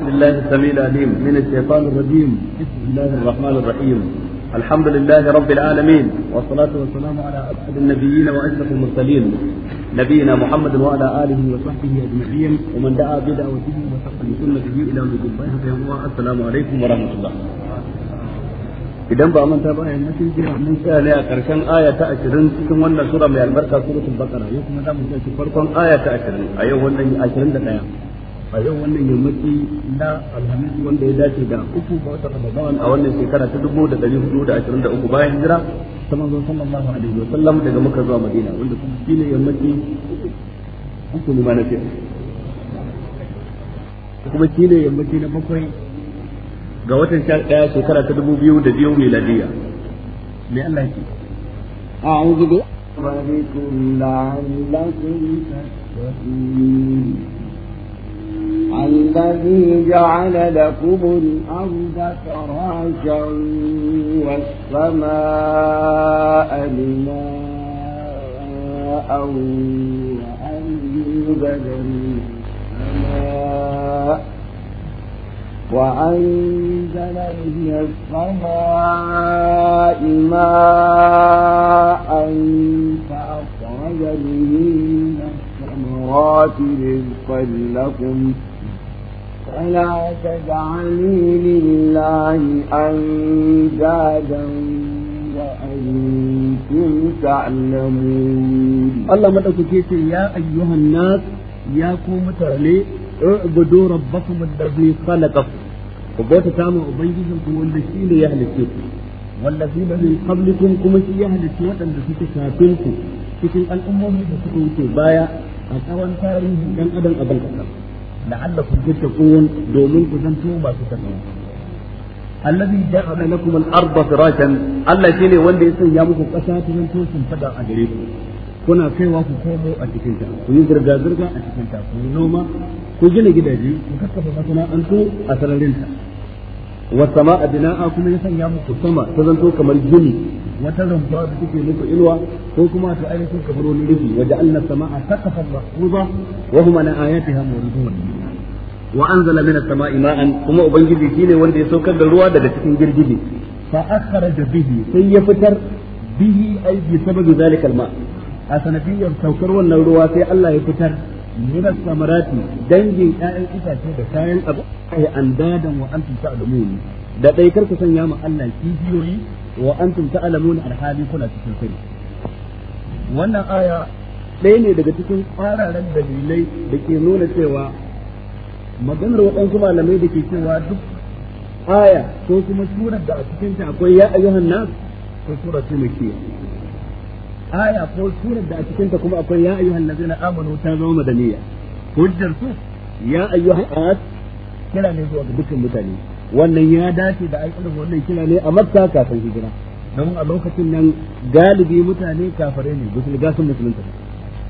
بسم الله السميع العليم من الشيطان الرجيم بسم الله الرحمن الرحيم الحمد لله رب العالمين والصلاة والسلام على أسعد النبيين وأشرف المرسلين نبينا محمد وعلى آله وصحبه أجمعين ومن دعا بدعوته وصح بسنته إلى يوم الله السلام عليكم ورحمة الله idan ba manta ba yanzu sun jira mun tsaya ne a karshen aya ta 20 cikin wannan sura mai albarka suratul baqara yau kuma za mu tafi farkon aya ta 20 a yau wannan 21 a yau wannan yammaci na alhamis wanda ya dace da uku ga wata ramadan a wannan shekara ta dubu da dari hudu da ashirin da uku bayan hijira ta manzo sallallahu alaihi wa sallam daga maka zuwa madina wanda kuma ne yammaci uku ne ma na fiye kuma ne yammaci na bakwai ga watan sha daya shekara ta dubu biyu da biyu miladiya me Allah ke A bi rabbikum la'allakum tashkurun الذي جعل لكم الأرض فراشا والسماء لماء وأنزل من وأنزل من السماء ماء فأخرج به من الثمرات رزقا لكم ۖ ولا تجعلوا لله أندادا وأنتم تعلمون الله مدعوك يا أيها الناس يا قوم ترلي اعبدوا ربكم الذي خلقكم وبوتا تاما أبيجيكم والذين يهلكوكم والذين من قبلكم كما يهلكوا أن تتشاكلكم cikin al'ummomi da suka wuce baya a tsawon tarihin dan adam a balkasa la'allakum tattaqun domin ku zanto masu takawa allazi ja'ala lakum al-ardha firashan Allah shine wanda ya sanya muku kasa ta zanto sun fada a gare ku kuna kaiwa ku komo a cikin ku yi zirga zirga a cikin ku yi noma ku gina gidaje ku kakkafa masana'antu a sararin ta wa sama'a bina'a kuma ya sanya muku sama ta zanto kamar gini wata rumfa da take muku inuwa ko kuma ta ainihin kamar wani rufi waje Allah sama'a saqafan mahfuza wa hum an ayatiha muridun wa anzala minas sama'i ma'an kuma ubangiji shine wanda ya saukar da ruwa daga cikin girgije fa akhraja bihi sai ya fitar bihi ay bi sababi zalika alma a sanadiyar saukar wannan ruwa sai Allah ya fitar minas samarati dangin ƴaƴan itace da kayan abu ay andadan wa antum ta'lamun da dai karku sanya mu Allah kijiyoyi wa antum ta'lamun alhali kuna cikin sani wannan aya ɗaya ne daga cikin tsararen dalilai da ke nuna cewa maganar waɗansu malamai da ke cewa duk aya ko kuma surar da a cikin ta akwai ya ayyuhan nas ko sura ce makkiya aya ko surar da a cikin ta kuma akwai ya ayyuhan ladina amanu ta zama madaniya hujjar su ya ayyuhan nas kira ne zuwa ga dukkan mutane wannan ya dace da ai wannan kira ne a makka kafin hijira don a lokacin nan galibi mutane kafare ne bisul gasun musulunta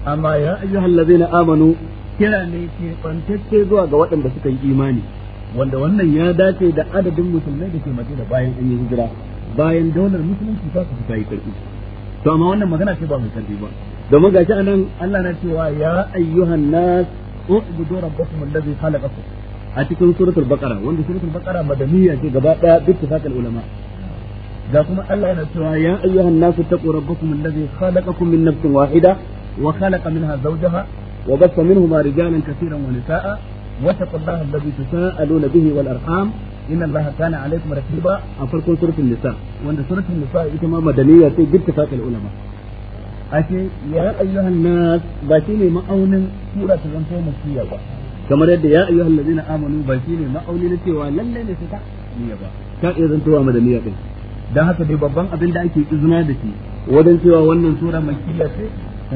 amma ya ayyuhan ladina amanu kira ne ke kwantacce zuwa ga waɗanda suka yi imani wanda wannan ya dace da adadin musulmai da ke mace da bayan an yi hijira bayan daular musulunci ta su ta yi karfi to amma wannan magana ce ba mai karfi ba domin gashi anan Allah na cewa ya ayyuhan nas ubudu rabbakum allazi khalaqakum a cikin suratul baqara wanda suratul baqara madaniya ce gaba daya duk tafakal ulama ga kuma Allah yana cewa ya ayyuhan nas taqu rabbakum allazi khalaqakum min nafsin wahida wa khalaqa minha zawjaha وبث منهما رجالا كثيرا ونساء واتقوا الله الذي تساءلون به والارحام ان الله كان عليكم رقيبا افركم سوره النساء وان سوره النساء اتما مدنيه في باتفاق العلماء ake ya ayyuhan nas ba shi ne ma'aunin sura ta zanto makiyya ba kamar yadda ya ayyuhan ladina amanu ba shi ne ma'auni na cewa lalle ne fita niyya ba ta iya zantowa madaniya din dan haka dai babban abin da ake izina da shi wajen cewa wannan sura makiyya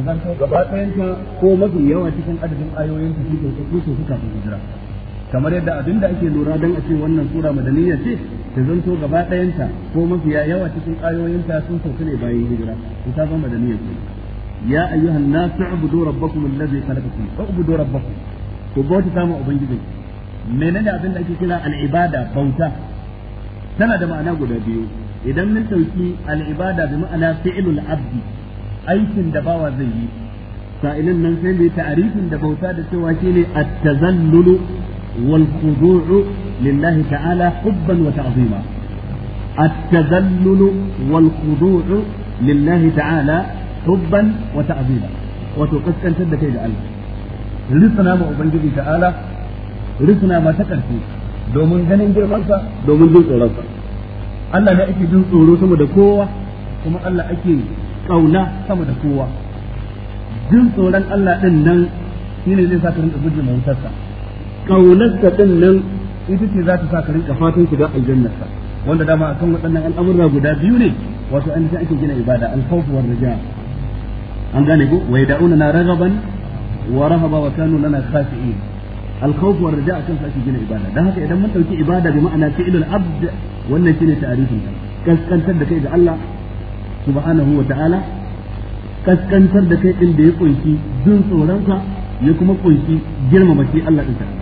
gaba ɗayanta ko mafi yawa cikin adadin ayoyin ta su ko su suka fi hijira kamar yadda abin da ake lura don a ce wannan sura madaniya ce ta zanto gaba ɗayanta ko mafiya yawa cikin ta sun sauka ne bayan hijira ta ta zama madaniya ce ya ayyuhan nasu ubudu rabbakum allazi khalaqakum ubudu rabbakum ku bauta ta ma ubangiji menene abin da ake kira al'ibada bauta tana da ma'ana guda biyu idan mun dauki al'ibada bi ma'ana fi'lul abdi aikin da bawa zai yi sa'ilin nan sai mai ta'arifin da bauta da cewa shine at-tazallulu wal khudu'u lillahi ta'ala hubban wa ta'zima at-tazallulu wal khudu'u lillahi ta'ala hubban wa ta'zima wato kaskantar da kai da Allah risna ma ubangiji ta'ala risna ma ta karfi domin ganin girmansa domin jin tsoronsa Allah ne ake jin tsoro sama da kowa kuma Allah ake kauna sama da kowa jin tsoron Allah din nan shine zai sa ka rinka guje mautarsa kaunarsa din nan ita ce za ta sa ka rinka fatan shiga aljannarsa wanda dama akan waɗannan al'amurra guda biyu ne wato an ta ake gina ibada al-khawf war raja an gane ko wa yad'una na ragaban wa rahaba wa kanu lana khashi'in al-khawf war raja akan sa ake gina ibada dan haka idan mun dauki ibada bi ma'ana fi'lul abd wannan shine ta'rifin ta kaskantar da kai ga Allah subhanahu wa ta'ala kaskantar da kai din da ya kunshi jin tsoronka ya kuma kunshi girmama shi Allah din ta'ala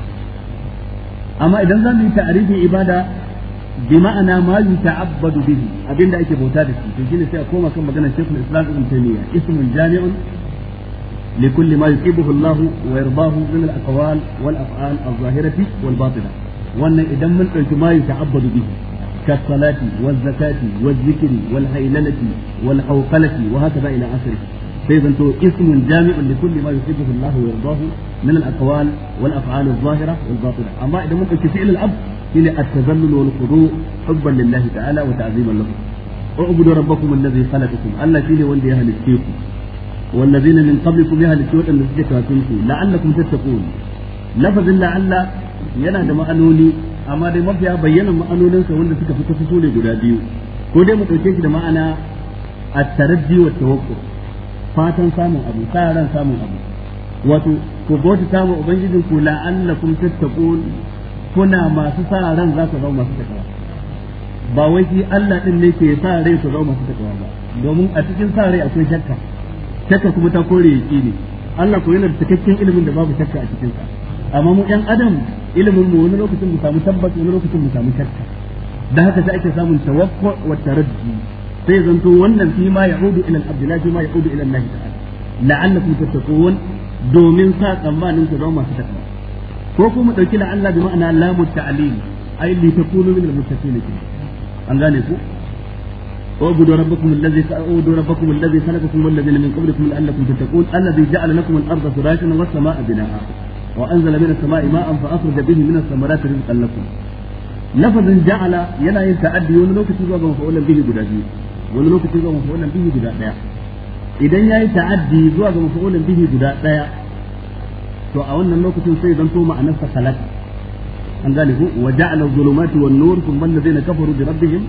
amma idan za mu yi ta'arifin ibada bi ma'ana ma yuta'abbadu bihi abinda ake bauta da shi to shine sai a koma kan maganar Sheikhul Islam Ibn Taymiyyah ismun jami'un لكل ما يحبه الله ويرضاه من الأقوال والأفعال الظاهرة والباطنة وأن إذا من ما يتعبد به كالصلاة والزكاة والذكر والهيلنة والحوقلة وهكذا إلى آخره فإذا اسم جامع لكل ما يحبه الله ويرضاه من الأقوال والأفعال الظاهرة والباطنة أما إذا ممكن فعل الأب إلى التذلل والخضوع حبا لله تعالى وتعظيما له اعبدوا ربكم الذي خلقكم ألا فيه ولي أهل السيكم والذين من قبلكم يهل السيوة الذي لعلكم تتقون لفظ لعل yana da ma'anoni amma dai mafiya bayyana ma'anoninsa wanda suka fi kusa sune guda biyu ko dai mu ɗauke shi da ma'ana a taraddi wa tawakkul fatan samun abu sa ran samun abu wato ku bauta ta ma ubangijin ku la'allakum tattaqun kuna masu sa ran za ku zama masu takawa ba wai shi Allah din ne ke sa rai ku zama masu takawa ba domin a cikin sa rai akwai shakka shakka kuma ta kore yake ne Allah ko yana da cikakken ilimin da babu shakka a cikin sa amma mu ɗan adam ilimin mu wani lokacin mu samu tabbas wani lokacin mu samu shakka dan haka sai ake samun tawakku wa taraddi sai zanto wannan fi ma ya'udu ila al-abdillah fi ma ya'udu ila Allah ta'ala la'allakum tattaqun domin sa tsammanin ku zama masu takwa ko kuma dauki la'alla bi ma'ana la ta'lim ay li takunu min al-muttaqin an gane ku اعبدوا ربكم الذي اعبدوا ربكم الذي خلقكم والذين من قبلكم لعلكم تتقون الذي جعل لكم الارض فراشا والسماء بناء وأنزل من السماء ماء فأخرج به من الثمرات رزقا لكم لفظ جعل ينا يتعدي wani lokaci zuwa ga mafa'ulan bihi guda biyu wani lokaci zuwa mafa'ulan bihi guda idan yayi ta'addi zuwa ga mafa'ulan bihi guda daya to a wannan lokacin sai zanto a sa salat an gane ku wa ja'ala zulumati wan nur thumma alladhina kafaru bi rabbihim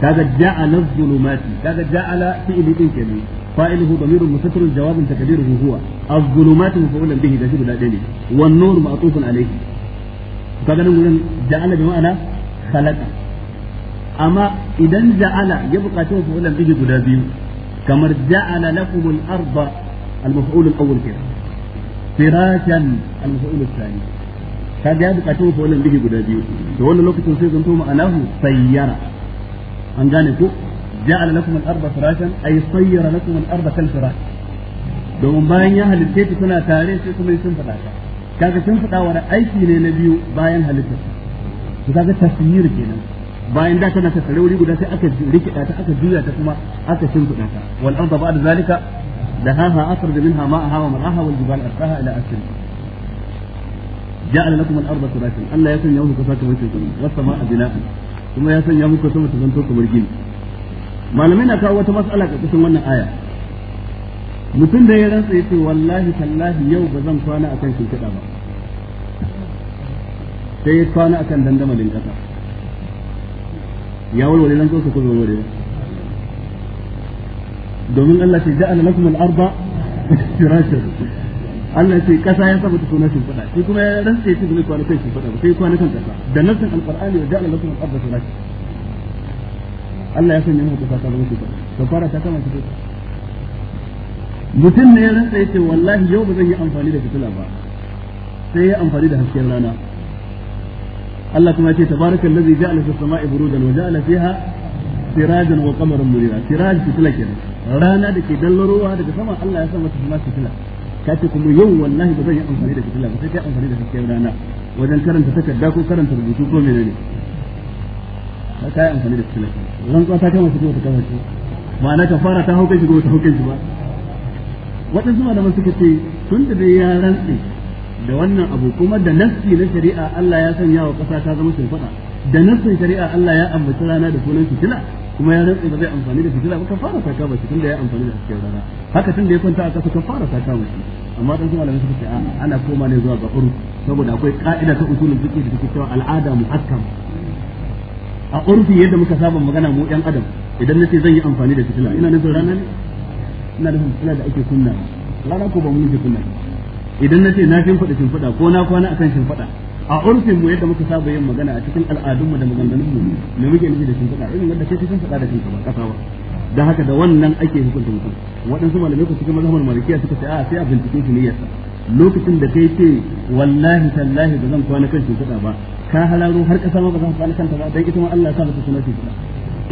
kaga ja'ala zulumati kaga ja'ala fi'li din kenan فاعله ضمير مستتر جواب تقديره هو الظلمات مفعولا به ده شبه دادين والنور معطوف عليه kaga nan gurin ja'ala bi ma'ana khalaqa amma idan ja'ala ya buƙaci mafulan bihi guda biyu kamar ja'ala lakum al-arda al-maf'ul al-awwal kira firashan al-maf'ul ya buƙaci mafulan bihi guda biyu to wannan lokacin sai zanto ma'anahu sayyara an gane ko ja'ala lakum al-ardha firashan ay sayyara lakum al-ardha kal firash domin bayan ya halitta ta kuna tare sai kuma sun fada ta kaga sun fada wani aiki ne na biyu bayan halitta to kaga tasmir kenan bayan da tana tattare wuri guda sai aka rikida ta aka juya ta kuma aka sun fada ta wal arda ba'da zalika lahaha akhraj minha ma'aha wa mar'aha wal jibala arsaha ila asfal ja'ala lakum al-ardha firashan Allah ya sanya muku kasa kamar kekuna was sama'a bina'an kuma ya sanya muku sama ta zanto kamar gini malamai na kawo wata matsala ƙarƙashin wannan aya mutum da ya rantsa ya ce wallahi tallahi yau ba zan kwana akan shimfiɗa ba sai ya kwana akan dandamalin ƙasa ya walwale nan su kuma walwale domin Allah ce lakum al firashan Allah ce ya saba ta sunan shimfiɗa sai kuma ya rantsa ya ce zai kwana kan shimfiɗa ba sai kwana kan ƙasa da nassin lakum al firashan Allah ya sanya maka kusa ka mutu ta ka fara ta kama cuta mutum ne ya rantsa yace wallahi yau ba zan yi amfani da fitila ba sai ya amfani da hasken rana Allah kuma ce tabarakal ladzi ja'ala fis sama'i burujan wa ja'ala fiha sirajan wa qamaran munira siraj fitila kenan rana da ke dallarowa daga sama Allah ya sa mata kuma fitila ce kuma yau wallahi ba zan yi amfani da fitila ba sai kai amfani da hasken rana wajen karanta takarda ko karanta rubutu ko menene ne ta yi amfani da salafi rantsuwa ta kama su ko ta kama su ma'ana kafara ta hauka shi ko ta hauka shi ba waɗansu malaman suka ce tun da dai ya rantsi da wannan abu kuma da nassi na shari'a Allah ya sanya wa ƙasa ta zama shimfiɗa da nassin shari'a Allah ya ambaci rana da sunan fitila kuma ya rantsi ba zai amfani da fitila ba fara ta kama shi tunda ya amfani da hasken rana haka tun da ya kwanta a ƙasa fara ta kama shi amma dan su malamai suka ce a'a ana koma ne zuwa ga urf saboda akwai ka'ida ta usulul fiqh da take cewa al'ada muhakkam a urfi yadda muka saba magana mu ɗan adam idan nace zan yi amfani da fitila ina nufin rana ne ina nufin fitila da ake kunna rana ko ba mu nufi kunna idan nace na fin faɗa shin faɗa ko na kwana akan shin faɗa a urfin mu yadda muka saba yin magana a cikin al'adun mu da maganganun mu me muke nufi da shin faɗa irin wanda kai shin faɗa da shin faɗa kasawa. da haka da wannan ake hukunta mutum waɗansu malamai ku cikin mazhabar malikiya suka ce a sai a bincike shi niyyarsa lokacin da kai ce wallahi tallahi ba zan kwana kan shin faɗa ba ka halaro har kasa ma ba za ka kwana kanta ba dan ita ma Allah ya sa mata suna ce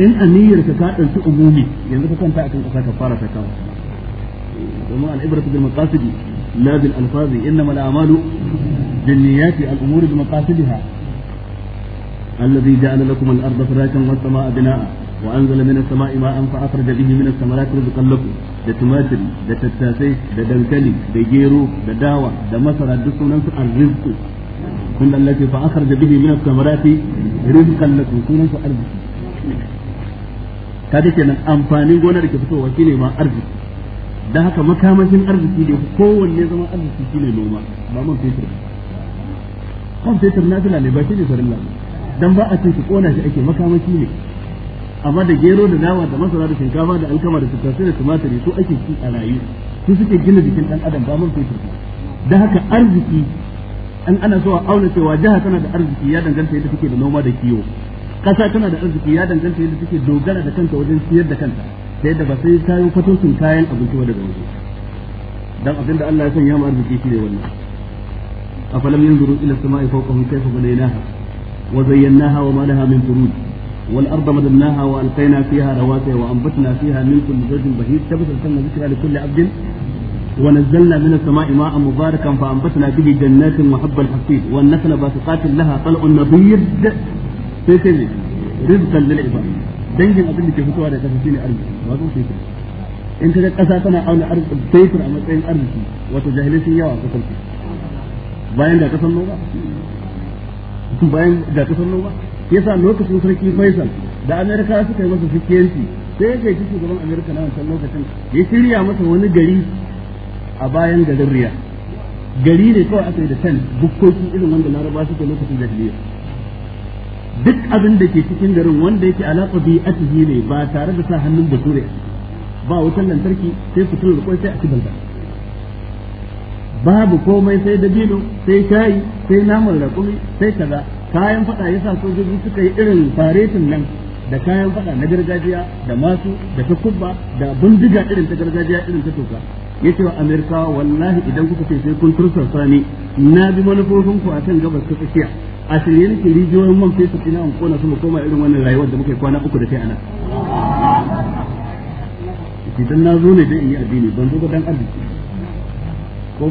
in aniyar ka ka dauki umumi yanzu ka kanta akan kasa ka fara ta kawo domin al-ibratu bil maqasidi la bil alfazi innama al-a'malu bin niyyati al-umuru bi maqasidiha الذي جعل لكم الأرض فراشا والسماء بناء وأنزل من السماء ماء فأخرج به من الثمرات رزقا لكم da tumatir da tattasai da dankali da gero da dawa da masara duk sunan su fa كل التي فأخرج به من الثمرات رزقا لكم سنة أرزقي kada kenan amfanin gona da ke fitowa shine ma arziki da haka makamashin arziki ne kowanne zama arziki shine noma ba man fetur kan fetur na ne ba shi ne farilla dan ba a cikin su kona shi ake makamashi ne amma da gero da dawa da masara da shinkafa da alkama da tattasai da tumatiri su ake ci a rayu su suke gina jikin dan adam ba man fetur da haka arziki in ana so a auna cewa jiha tana da arziki ya danganta yadda take da noma da kiwo kasa tana da arziki ya danganta yadda take dogara da kanta wajen siyar da kanta ta yadda ba sai ta yi kayan abinci ba daga waje dan abin da Allah ya sanya mu arziki shine wannan afalam yanzuru ila samai fawqahum kayfa banaynaha wa zayyanaha wa ma laha min furuj والأرض مددناها وألقينا فيها رواسي وأنبتنا فيها من كل زوج بهيج تبصر سنة ذكرى kulli abdin. ونزلنا من السماء ماء مباركا فأنبتنا به جنات وحب الحصيد والنخل باسقات لها طلع نضيد رزقا للعباد dangin abin da ke fitowa da kasa shine arziki ba zo sai in kaga kasa tana auna arziki sai a matsayin arziki wato jahilai sun yawa kasar ku bayan da kasan noma bayan da kasan noma yasa lokacin sarki Faisal da Amerika suka yi masa sikiyanci sai ya gaishe shugaban Amerika na wancan lokacin ya shirya masa wani gari a bayan garin riya gari ne kawai aka yi da tan bukkoki irin wanda laraba suke lokacin jahiliya duk abin da ke cikin garin wanda yake alaƙa bi a ne ba tare da sa hannun bature ba wutan lantarki sai su tura kwai sai a cikin babu komai sai dabino sai shayi sai naman rakumi sai kaza kayan fada yasa sojoji suka yi irin faretin nan da kayan fada na gargajiya da masu da ta kubba da bindiga irin ta gargajiya irin ta toka ya ce wa amerikawa wallahi idan kuka ce sai kun tursasa ne na bi manufofin ku a can gabas ta tsakiya a shirye nake rijiyoyin man fesa ina an kona su mu koma irin wannan rayuwar da muka kwana uku da kai ana idan na zo ne dai in yi addini ban zo ga dan arziki ko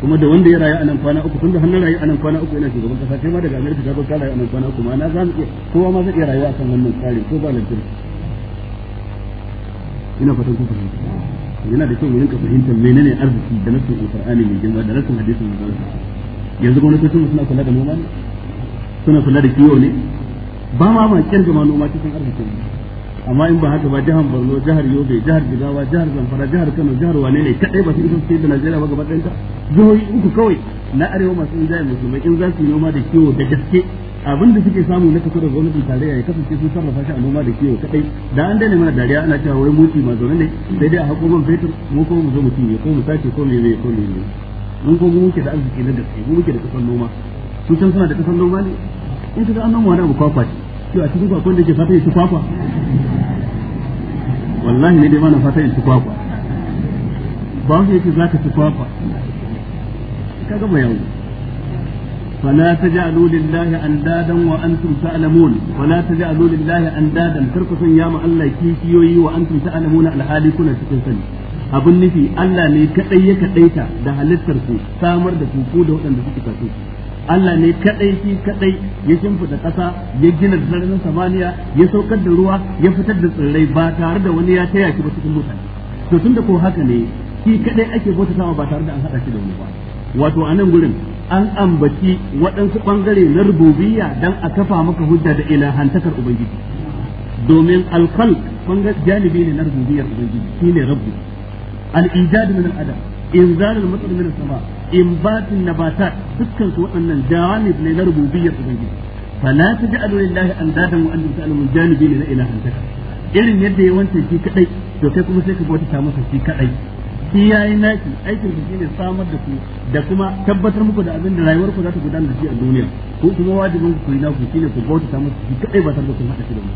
kuma da wanda ya rayu a kwana uku hannun rayu a nan kwana uku yana shugaban kasa kai ma daga amerika ta ka rayu a kwana uku ma na za mu iya kowa ma zai iya rayuwa kan wannan tsari ko ba lantarki yana da kyau mu rinka fahimtar menene arziki da nasin alqur'ani mai girma da nasin hadisin manzon yanzu gwamnatocin suna kula da noma ne suna kula da kiwo ne ba ma ma kyan jama'a noma cikin arzikin amma in ba haka ba jihar Borno jihar Yobe jihar Jigawa jihar Zamfara jihar Kano jihar wane ne kadai ba su isa su da Najeriya ba gaba ɗayanta jihohi uku kawai na arewa masu injaya musulmai in za su yi noma da kiwo da gaske abin da suke samu na da gwamnatin tarayya ya kasance sun sarrafa shi a noma da kiwo kadai da an dane mana dariya ana cewa wai mutu ma zaune ne sai dai a hako man fetur mu ko mu zo mu cinye ko mu sace ko me me ko me me mun ko mu muke da arziki na gaske mu muke da kasan noma su can suna da kasan noma ne in ga an noma wani abu kwakwa ce to a cikin kwakwan da ke fata yin ci kwakwa wallahi ne dai ma na fata yin ci kwakwa ba wanda yake zaka ci kwakwa Ka mai yawo فلا تجعلوا لله أندادا وأنتم تعلمون ولا تجعلوا لله أندادا تركوا يا ما الله كيكيوي وأنتم تعلمون الحالي كنا تكن abin nufi Allah ne kadai ya ta da halittar ku samar da kuku da waɗanda suke kaso Allah ne kadai shi kadai ya shimfida ƙasa ya gina sararin samaniya ya saukar da ruwa ya fitar da tsirrai ba tare da wani ya taya shi ba cikin mutane to tunda ko haka ne shi kadai ake sama ba tare da an hada shi da wani ba wato a nan gurin an ambaci waɗansu ɓangare na rububiyya dan a kafa maka hujja da ilahantakar ubangiji domin alkal ɓangar janibi ne na rububiyyar ubangiji shine ne rabbi. ijad min al-adam inzal al-matar min sama inbat an-nabatat dukkan su waɗannan janib ne na rububiyyar ubangiji fala taj'alu lillahi andadan wa'an antum ta'lamun janibi ne na ilahantakar. irin yadda yawancin wance shi kadai to kai kuma sai ka bauta ta masa shi kadai shi yayi naki aikin ku shine samar da ku da kuma tabbatar muku da abin da rayuwar ku za ta gudana da shi a duniya ko kuma wajibin ku na ku shine ku bauta musu shi kadai ba tare da kun hada shi da mu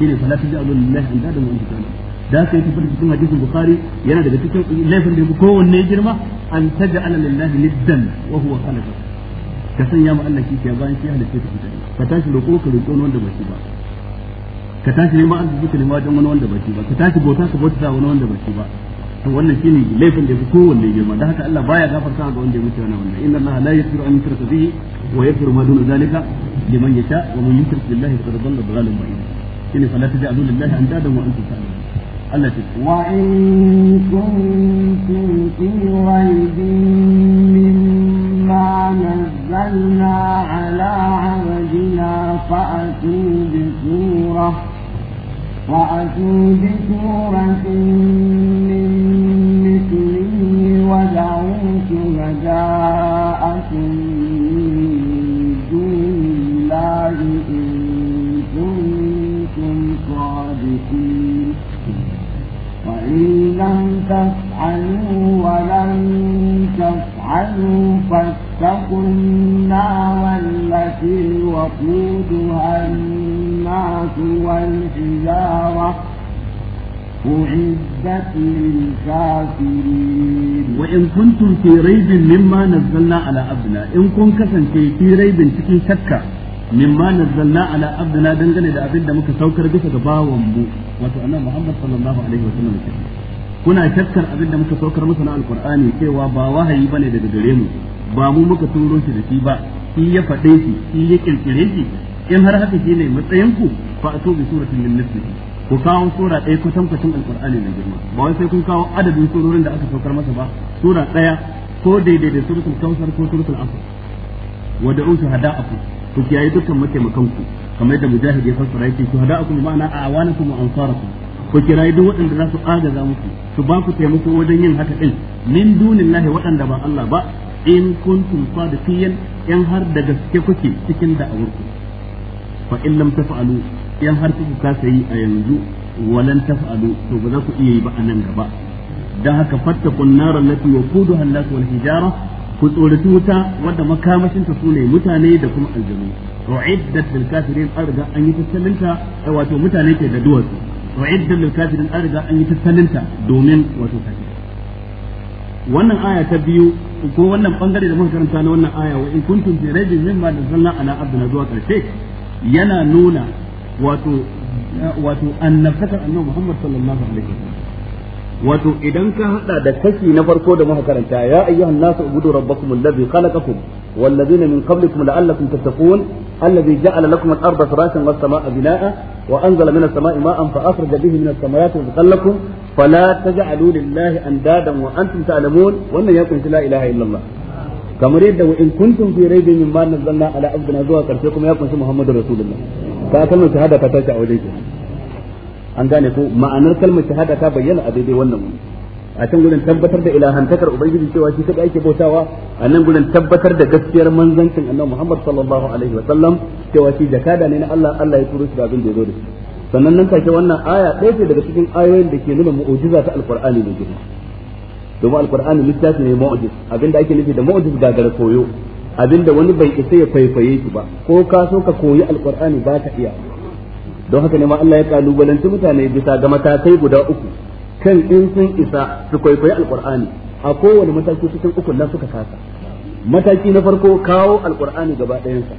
shine fa la tajalu lillahi andadan wa antum da aka yi tafi cikin hadisin bukhari yana daga cikin laifin da wanne girma an taja'ala lillahi niddan wa huwa khalaqa ka sanya mu Allah kike bayan shi halitta ta fita ka tashi roƙo ka roƙo wanda ba shi ba ka tashi neman arziki ka nema wajen wani wanda ba shi ba ka tashi bauta ka bauta wani wanda ba shi ba to wannan shine laifin da yake kowanne girma da haka Allah baya gafarta ga wanda ya mutu yana wannan inna Allah la yaghfiru an yushraka bihi wa yaghfiru ma duna zalika liman yasha wa man yushrik billahi faqad dhalla dhalalan ba'ida shine fala taj'alu lillahi andadan wa antum ta'lamun Allah ce wa in kuntum fi raybin mimma nazzalna ala 'abdina fa'atu bi surah fa'atu bi suratin شاءكم من دون الله إن كنتم صادقين وإن لم تفعلوا ولن تفعلوا فاتقوا النار التي وقودها الناس والحجارة أعدت عدة للكافرين وإن كنتم في ريب مما نزلنا على عبدنا إن كنت كسنتي في ريب تكي شكا مما نزلنا على عبدنا دنجل إذا أبدا مك سوكر بك باوم بو محمد صلى الله عليه وسلم kuna shakkar abin da muka saukar musu na alkur'ani cewa ba wahayi bane daga dare mu ba mu muka turo shi da shi ba shi ya faɗe shi shi ya kirkire in har haka shine matsayin ku fa aso bi ku kawo sura ɗaya kusan kusan alƙur'ani na girma ba wai sai kun kawo adadin surorin da aka saukar masa ba sura ɗaya ko daidai da suratul kawsar ko suratul asr wa hada shuhada'akum ku kiyaye dukkan mataimakan ku kamar yadda mujahid ya fassara yake shuhada'akum ma'ana a'wanakum wa ansarakum ku kirayi duk waɗanda za su agaza muku su ba ku taimako wajen yin haka ɗin min dunillahi waɗanda ba Allah ba in kuntum sadiqiyan in har da gaske kuke cikin da'awarku fa in lam taf'alu in har kuka kasa yi a yanzu walan taf'alu to ba za ku iya yi ba a nan gaba dan haka fattakun narar lati wa kuduha an wal hijara ku tsorati wuta wadda makamashin ta sune mutane da kuma aljanu uiddat lil kafirin an an yi tattalinta wato mutane ke da duwatsu uiddat lil kafirin an riga an yi tattalinta domin wato kafirin wannan aya ta biyu ko wannan bangare da muka karanta na wannan aya wa in kuntum fi raibin mimma nazzalna ala abdina zuwa karshe yana nuna wato wato annabtakar annabi Muhammad sallallahu alaihi wato idan ka hada da kashi na farko da muka karanta ya ayyuhan nasu ubudu rabbakum allazi khalaqakum wal ladina min qablikum la'allakum tattaqun allazi ja'ala lakum al-ardha firashan was samaa'a binaa'a wa anzala minas samaa'i ma'an fa akhraja bihi minas samarati rizqan fala taj'alu lillahi wannan ya kunshi la ilaha illallah kamar yadda wa in kuntum fi raybin mimma nazzalna zuwa karshe kuma ya kunshi muhammadur ka kalmar shahada ta tashi a wajen kenan an gane ko ma'anar kalmar shahada ta bayyana a daidai wannan wuri a can gurin tabbatar da ilahantakar ubangiji cewa shi kadai ake bautawa a nan gurin tabbatar da gaskiyar manzancin annabi Muhammad sallallahu alaihi wa sallam cewa shi jakada ne na Allah Allah ya turo shi da abin da ya zo da shi sannan nan take wannan aya ɗaya ce daga cikin ayoyin da ke nuna mu'ujiza ta alqur'ani ne girma domin alqur'ani littafi ne mu'jiz abinda ake nufi da mu'ujiz gagara koyo abinda wani bai isa ya kwaikwaye shi ba ko ka so ka koyi alqur'ani ba ka iya don haka ne ma Allah ya kalubalanci mutane bisa ga matakai guda uku kan in sun isa su kwaikwaye alqur'ani a kowane mataki cikin uku na suka kasa mataki na farko kawo alqur'ani gaba ɗayansa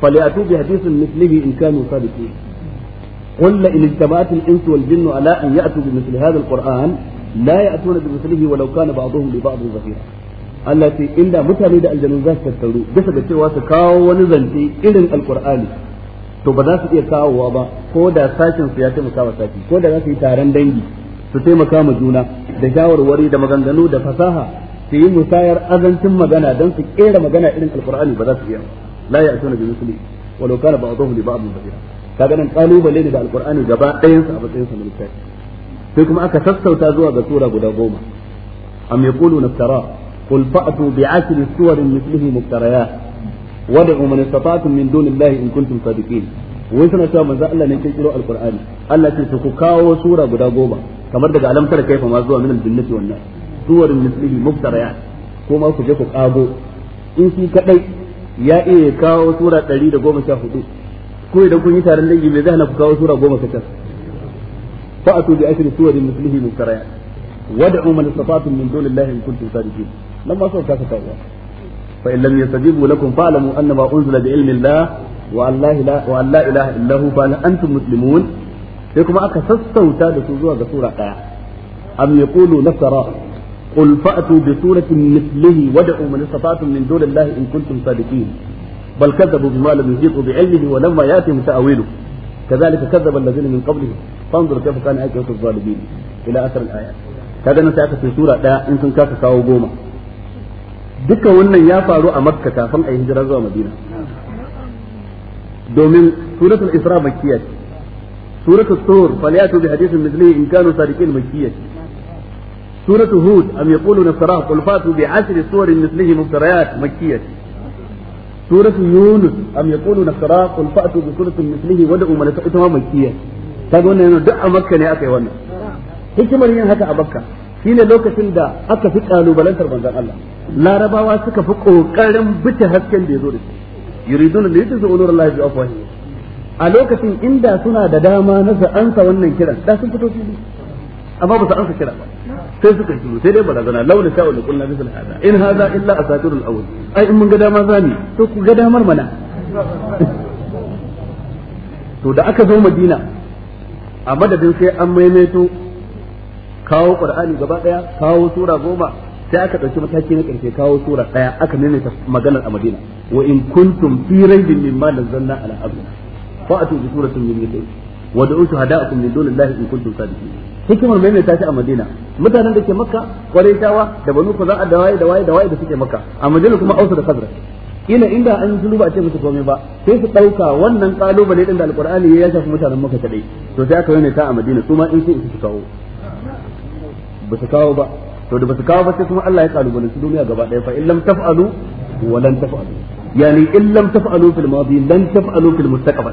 falyatu bi hadithin mithlihi in kanu sadiqin قل إن اجتمعت الإنس والجن على أن يأتوا بمثل هذا القرآن لا يأتون بمثله ولو كان بعضهم لبعض ظهيرا Allah ce inda mutane da aljanu za su tattaru bisa da cewa su kawo wani zance irin alkur'ani to ba za su iya kawowa ba ko da sashin su ya taimaka wa sati ko da za su yi taron dangi su taimaka ma juna da shawarwari da maganganu da fasaha su yi musayar azancin magana don su kera magana irin alkur'ani ba za su iya la ya atuna bi musli walau kana ba'dhum li ba'd basira kaga nan kalubale ne da alkur'ani gaba ɗayan sa a matsayin sa littafi sai kuma aka sassauta zuwa ga sura guda goma am yaquluna naftara قل فأتوا بعشر سور مثله مفتريات ودعوا من استطعتم من دون الله إن كنتم صادقين wai suna cewa manzo Allah ne kirkiro alqur'ani Allah ce ku kawo sura guda goma kamar daga alamtar kaifa ma zuwa minal jinnati wannan suwarin mislihi muftariyat ko ku je ku kago in shi kadai ya iya kawo sura 114 ko idan kun yi taron dangi me zai hana ku sura goma kacal fa'atu bi ashri suwarin mislihi muftariyat wad'u man in لما سوى كاسة تقوى فإن لم يستجيبوا لكم فاعلموا أن ما أنزل بعلم الله وأن لا, لا لا إله إلا هو فأنا أنتم مسلمون فيكم أكا سستوتا لسوزوا بسورة قاع أم يقولوا نفسرا قل فأتوا بسورة مثله ودعوا من استطعتم من دون الله إن كنتم صادقين بل كذبوا بما لم يحيطوا بعلمه ولما يأتهم تأويله كذلك كذب الذين من قبلهم فانظروا كيف كان عاقبة الظالمين إلى آخر الآيات هذا نتاكد في سورة لا إن كان كاكا كاو duka wannan ya faru a makka kafin a yi hijira zuwa madina domin suratul isra makkiya ce suratul tur falyatu bi hadithin mithlihi in kanu sadiqin makkiya ce suratul hud am yaquluna sarah qul fatu bi asri suwarin mithlihi muftariyat makkiya ce suratul yunus am yaquluna sarah qul fatu bi suratin mithlihi wad'u malaka ita ma makkiya kaga wannan duk a makka ne aka yi wannan hikimar yin haka a makka shine lokacin da aka fi kalubalantar manzon Allah larabawa suka fi kokarin bice hasken da yazo da shi yuriduna li yudzu nurallahi bi afwahi a lokacin inda suna da dama na su ansa wannan kiran da sun fito fili amma ba su ansa kira ba sai suka shiru sai dai barazana laula sha'ul qulna misal hada in hada illa asatirul awwal ai in mun ga dama zani to ku ga damar mana to da aka zo Madina a madadin sai an maimaito kawo qur'ani gaba daya kawo sura goma sai aka dauki mataki na karshe kawo sura daya aka nene ta maganar a Madina wa in kuntum fi raibin mimma nazzalna ala abdina fa'atu bi suratin min mithlihi wa da'u shuhada'akum min dunillahi in kuntum sadiqin hikimar maimaita shi a Madina mutanen da ke Makka Quraishawa da Banu Qurayza da waye da waye da waye da suke Makka a Madina kuma Ausa da Khazraj ina inda an yi ba a ce musu komai ba sai su ɗauka wannan kalubale din da alqur'ani ya shafi mutanen maka kadai to sai aka yi ta a madina su ma in sai su kawo ba su kawo ba to da ba su kawo ba sai kuma Allah ya kalubalanci duniya gaba ɗaya fa in lam taf'alu wa lan taf'alu yani in lam taf'alu fil madi lan taf'alu fil mustaqbal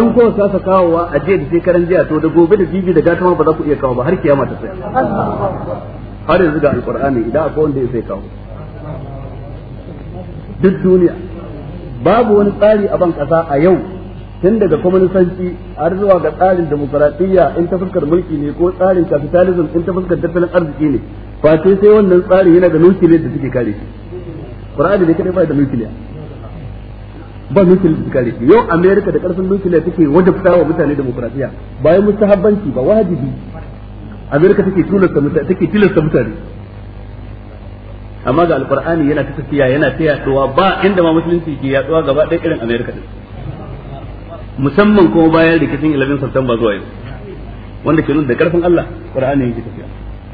in ko sa ka kawowa a jiya da shekaran jiya to da gobe da bibi da gatama ba za ku iya kawo ba har kiyama ta tsaya har yanzu ga alqur'ani idan akwai wanda ya sai kawo duk duniya babu wani tsari a ban kasa a yau tun daga kwamanisanci har zuwa ga tsarin demokuraɗiyya in ta fuskar mulki ne ko tsarin capitalism in ta fuskar tattalin arziki ne ba sai sai wannan tsarin yana da nukiliyar da suke kare shi qur'ani ne kadai ba da nukiliya ba nukiliya da suke kare shi yau america da karfin nukiliya take wajabta wa mutane demokuraɗiyya ba ya mustahabbanci ba wajibi america take tilasta mutane take tilasta mutane amma ga alqur'ani yana ta tafiya yana ta yaɗuwa ba inda ma musulunci ke yaɗuwa gaba ɗaya irin america ɗin musamman kuma bayan rikicin 11 September zuwa yau wanda ke nuna da karfin Allah Qur'ani yake tafiya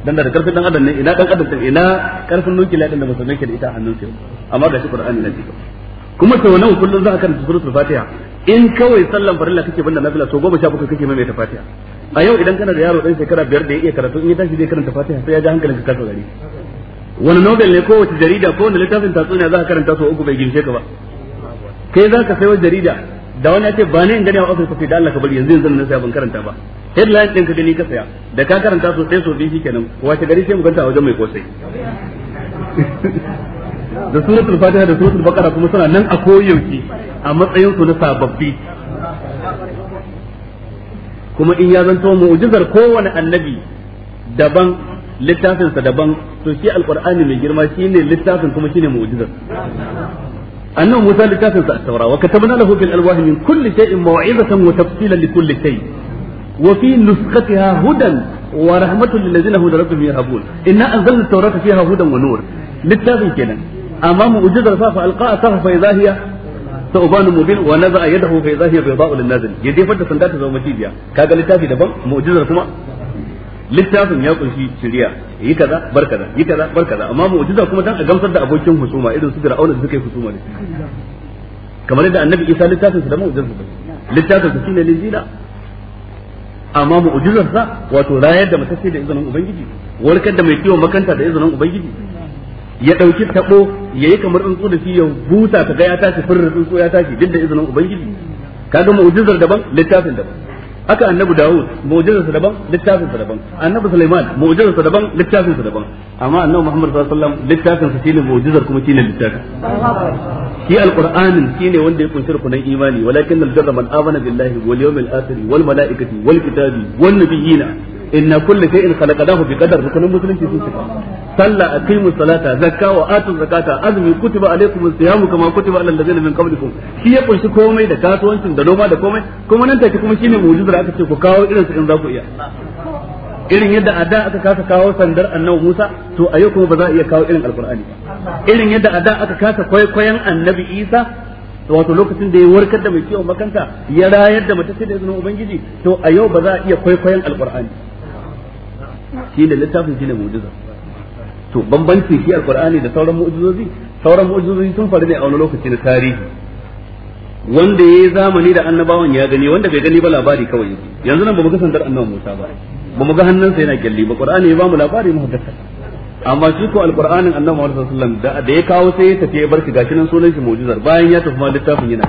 dan da karfin dan adam ne ina dan adam din ina karfin nukila din da musulmai ke da ita a hannun sa amma ga shi Qur'ani na cikin kuma sau nawa kullum za ka karanta suratul Fatiha in kawai sallan farilla kake banda nafila so goma sha bakwai kake mai ta Fatiha a yau idan kana da yaro dan shekara biyar da ya iya karatu in ya tashi zai karanta Fatiha sai ya ji hankalinka ka gari wani nobel ne kowace jarida ko wani littafin tatsuniya za ka karanta so uku bai gimshe ka ba kai za ka sayo jarida da wani ce ba ne in gane a ofis kafin da Allah ka bari yanzu yanzu na sai ban karanta ba headline din ka gani ka saya da ka karanta so sai so bi shikenan wace gari sai mu ganta a wajen mai kosai da suratul fatiha da suratul baqara kuma suna nan a koyauki a matsayin su na sababbi kuma in ya zanto mu'jizar kowane annabi daban littafinsa daban to shi alqur'ani mai girma shine littafin kuma shine mu'jizar أنه مثال لتافن التوراة وكتبنا له في الألواح من كل شيء موعظة وتفصيلا لكل شيء وفي نسختها هدى ورحمة للذين هدى ربهم يهبون إنا أنزلنا التوراة فيها هدى ونور للتاغي كده أمام وجود رفافة فألقاء صحف فإذا هي ثوبان مبين ونزع يده فإذا هي بيضاء للنازل يدي فتا سندات زومتيبيا كاقل التاغي دبا معجزة كما littafin ya kunshi shari'a yi kaza bar kaza yi kaza bar kaza amma mu jiza kuma dan a gamsar da abokin husuma irin su Fir'auna da suka yi husuma ne kamar yadda Annabi Isa littafin sa da mu jiza littafin sa shine linjila amma mu jiza sa wato rayar da mutace da izinin ubangiji warkar da mai kiwon makanta da izinin ubangiji ya dauki tabo yayi kamar tsuntsu da shi ya buta ta ga ya tashi furrin tsuntsu ya tashi duk da izinin ubangiji kaga mu'jizar daban littafin daban haka annabi Dawud sa daban littafin sa daban annabi Sulaiman mu'jizarsa daban littafin sa daban amma annabi Muhammad sallallahu alaihi wasallam littafin sa shine mu'jizar kuma shine littafin shi alqur'anin shine wanda ya kunshi rukunan imani walakin al-jarra man amana billahi wal yawmil akhir wal malaikati wal kitabi wan nabiyina inna kulli shay'in khalaqnahu bi qadar rukunin musulunci sun cika sallah aqimu salata zakka wa atu zakata azmi kutiba alaykum as-siyam kama kutiba alal ladzina min qablikum shi ya kunshi komai da kasuwancin da noma da komai kuma nan take kuma shine mu'jizar aka ce ku kawo irin su in za ku iya irin yadda a da aka kasa kawo sandar annabi Musa to a yau kuma ba za a iya kawo irin alkur'ani irin yadda a da aka kasa kwaikwayon annabi Isa wato lokacin da ya warkar da mai ciwon makanta ya rayar da mace da izinin ubangiji to a yau ba za a iya kwaikwayon alkur'ani shine littafin shine mu'jiza to bambanci shi alqur'ani da sauran mu'jizozi sauran mu'jizozi sun faru ne a wani lokaci na tarihi wanda ya yi zamani da annabawan ya gani wanda bai gani ba labari kawai yake yanzu nan ba mu ga sandar annabawan Musa ba ba mu ga hannunsa yana gyalli. ba qur'ani ya ba mu labari mu gaskata amma shi ko alqur'anin annabi Muhammad sallallahu alaihi wasallam da ya kawo sai ya tafi ya barki gashi nan sunan shi mu'jizar bayan ya tafi ma littafin yana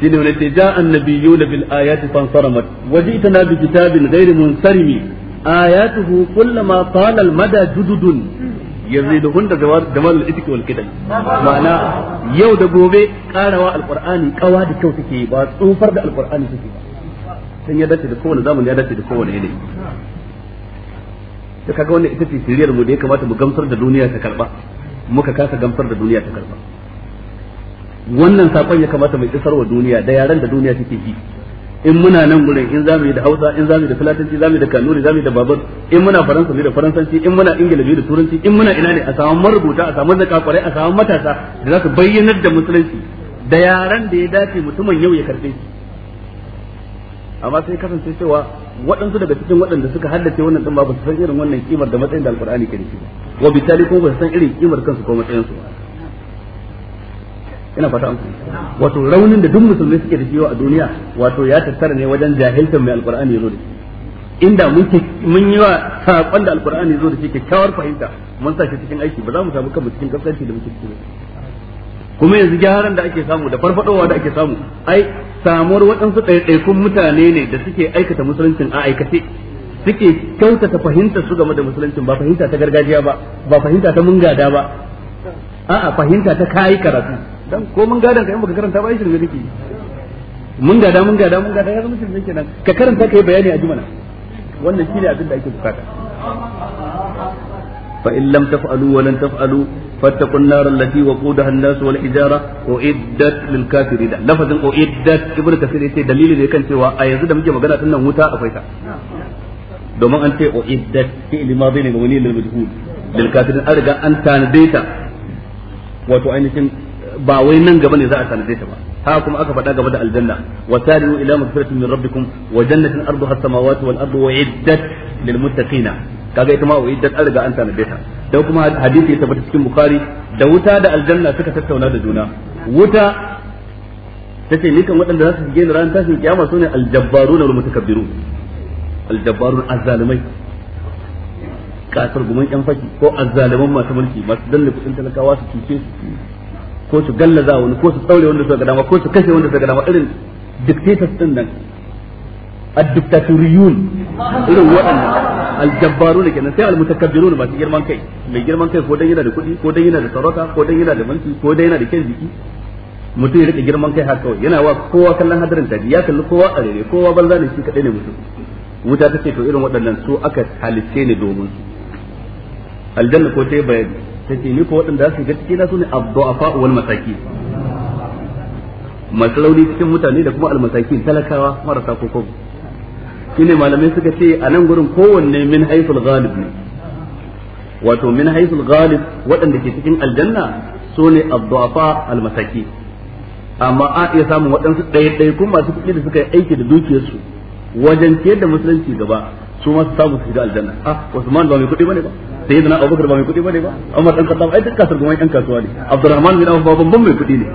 shine wani ce ja annabiyuna bil ayati fansaramat wajitana bi kitabin ghairi munsarimi آياته كلما طال المدى mada يزيدهن جمال da والكدل معنى يو wal kidal ma'ana yau da gobe بات alqur'ani القرآن da da sun ya dace da kowane zamani ya dace da kowane yanayi to kaga wannan ita ce siriyar mu da ya kamata mu gamsar da duniya ta karba muka kasa gamsar da duniya ta karba wannan sakon ya kamata mu isar wa duniya da yaran da duniya take ji in muna nan gurin in zamu yi da Hausa in zamu yi da Filatanci zamu yi da Kanuri zamu yi da Babur in muna Faransa da Faransanci in muna Ingila da Turanci in muna ina ne a samu marubuta a samu zakakwarai a samu matasa da za su bayyanar da musulunci da yaran da ya dace mutumin yau ya karbe shi amma sai kasance cewa waɗansu daga cikin waɗanda suka haddace wannan din ba su san irin wannan kimar da matsayin da Alƙur'ani ke da shi ba wa bitali kuma ba su san irin kimar kansu ko matsayin su ba ina fata an wato raunin da duk musulmai suke da jiwa a duniya wato ya tattara ne wajen jahiltar mai alkurani yazo da shi inda mun mun yi wa sakon da alkur'ani yazo da shi kyakkyawar fahimta mun sa shi cikin aiki ba za mu samu kanmu cikin kasance da muke ciki kuma yanzu gyaran da ake samu da farfadowa da ake samu ai samuwar waɗansu ɗaiɗaikun mutane ne da suke aikata musuluncin a aikace suke kyautata fahimta su game da musuluncin ba fahimta ta gargajiya ba ba fahimta ta mungada ba a'a fahimta ta kayi karatu dan ko mun gadan ka in baka karanta ba shi shirme kake mun gada mun gada mun gada ya zama shirme kenan ka karanta kai bayani a jumla wannan shi ne abin da ake bukata fa in lam taf'alu wa lan taf'alu فاتقوا النار التي وقودها الناس والحجاره اعدت للكافرين لفظ اعدت ابن كثير yace dalili ne kan cewa a yanzu da muke magana tun nan wuta akwai ta domin an ce uiddat fi'l madi ne ga wani lil majhul lil kafirin an riga an tanade ta wato ainihin ba wai nan gaba ne za a sanade ta ba ha kuma aka faɗa gaba da aljanna wa sari'u ila magfiratin min rabbikum wa jannatin arduha as-samawati wal ardu uiddat lil muttaqina kaga ita ma uiddat an riga an sanade ta dan kuma hadisi ya tabbata cikin bukhari da wuta da aljanna suka tattauna da juna wuta tace ni kan waɗanda za su shige ni ran tashin kiyama sune aljabbaruna wal mutakabbirun aljabbarun azzalimai kasar gumin yan faki ko azzaliman masu mulki masu danne kudin talakawa su cuce su ko su gallaza wani ko su tsaure wanda suka dama ko su kashe wanda suka dama irin dictators din nan ad-diktatoriyun irin waɗannan aljabbaru ne kenan sai almutakabbirun masu girman kai mai girman kai ko dan yana da kuɗi ko dan yana da sarauta ko dan yana da mulki ko dan yana da kyan jiki mutum ya rika girman kai haka yana wa kowa kallon hadarin tabi ya kalli kowa a rere kowa banza ne shi kadai ne mutum wuta ta ce to irin waɗannan su aka halicce ne domin su aljanna ko ta yi bayani tace ni ko waɗanda za su ga cikin su ne abdu'afa wal masakin masu rauni cikin mutane da kuma almasakin talakawa marasa koko shine malamai suka ce a nan gurin kowanne min haisul galib ne wato min haisul galib waɗanda ke cikin aljanna su ne abdu'afa almasaki amma a iya samun waɗansu kuma masu kuɗi da suka yi aiki da dukiyarsu wajen ciyar da musulunci gaba su ma su samu su shiga aljanna ah Usman ba mai kuɗi bane ba sayyidina Abubakar ba mai kuɗi bane ba Umar dan Khattab ai duk kasar yan kasuwa ne Abdurrahman bin Auf ba babban mai kuɗi ne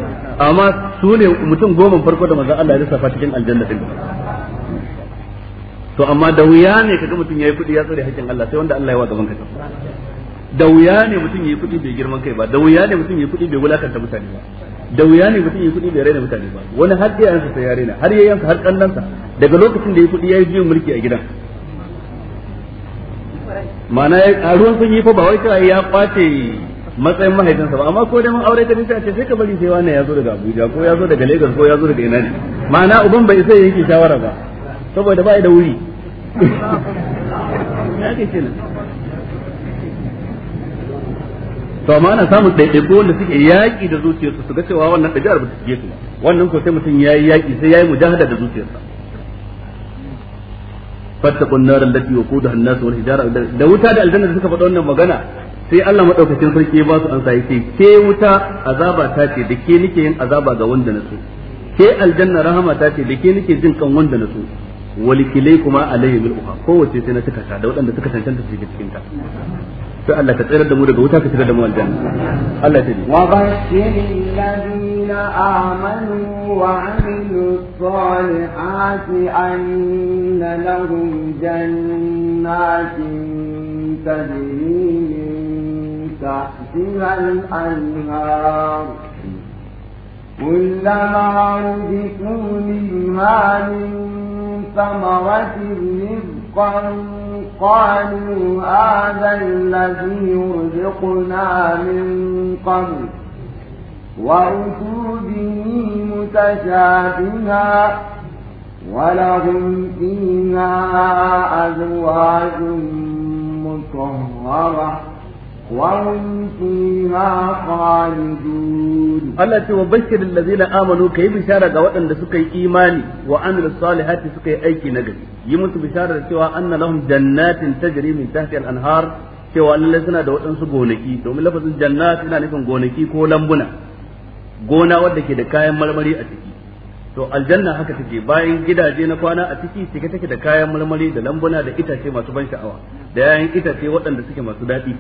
amma su ne mutum goma farko da manzo Allah ya safa cikin aljanna din to amma da wuya ne kaga mutum yayi kuɗi ya tsare hakkin Allah sai wanda Allah ya wa gaban kasa da wuya ne mutum yayi kuɗi bai girman kai ba da wuya ne mutum yayi kuɗi bai wulakanta mutane ba da wuya ne mutum ya kuɗi bai raina mutane ba wani har iyayensa sai ya raina har iyayensa har kallansa daga lokacin da ya kuɗi ya yi juyin mulki a gidan ma'ana ya ruwan sun yi fa ba wai kai ya kwace matsayin mahaifinsa ba amma ko da mun aure ta nisa ce sai ka bari sai wannan ya zo daga Abuja ko ya zo daga Lagos ko ya zo daga ina ne ma'ana uban bai sai yake shawara ba saboda ba da wuri to amma ana samun ɗaiɗaiku wanda suke yaƙi da zuciyarsa su ga cewa wannan ɗabi'ar ba ta su wannan ko sai mutum ya yi yaƙi sai ya yi mujahada da zuciyarsa fattaqun nar allati waqudaha an-nas wal hijara da wuta da aljanna suka faɗa wannan magana sai Allah madaukakin sarki ba su ansa yake ke wuta azaba ta ce da ke nike yin azaba ga wanda na so ke aljanna rahama ta ce da ke nake jin kan wanda na so walikilai kuma alayhi bil uha kowace sai na tuka ta da waɗanda suka tantance cikin ta to Allah ka tsira da mu daga wuta ka tsira da mu aljanna Allah ta wa bashiril ladina amanu wa amilus salihati anna lahum jannatin tajri min tahtiha al-anhar كلما رزقوا منها من ثمرة رزقا قالوا هذا الذي يرزقنا من قبل وأتوا به متشابها ولهم فيها أزواج مطهرة Allah ce wa الله da وبشر الذين ka yi بشارة ga waɗanda إيماني وعمل imani سكي أيكي نجد hati بشارة سوى aiki na gari. Yi musu تحت da cewa lallai suna da waɗansu gonaki domin lafazin jannat suna nufin gonaki ko lambuna gona wadda ke da kayan marmari a ciki to aljanna haka take bayan gidaje na kwana a ciki cike take da kayan marmari da lambuna da itace masu ban sha'awa da yayan itace waɗanda suke masu daɗi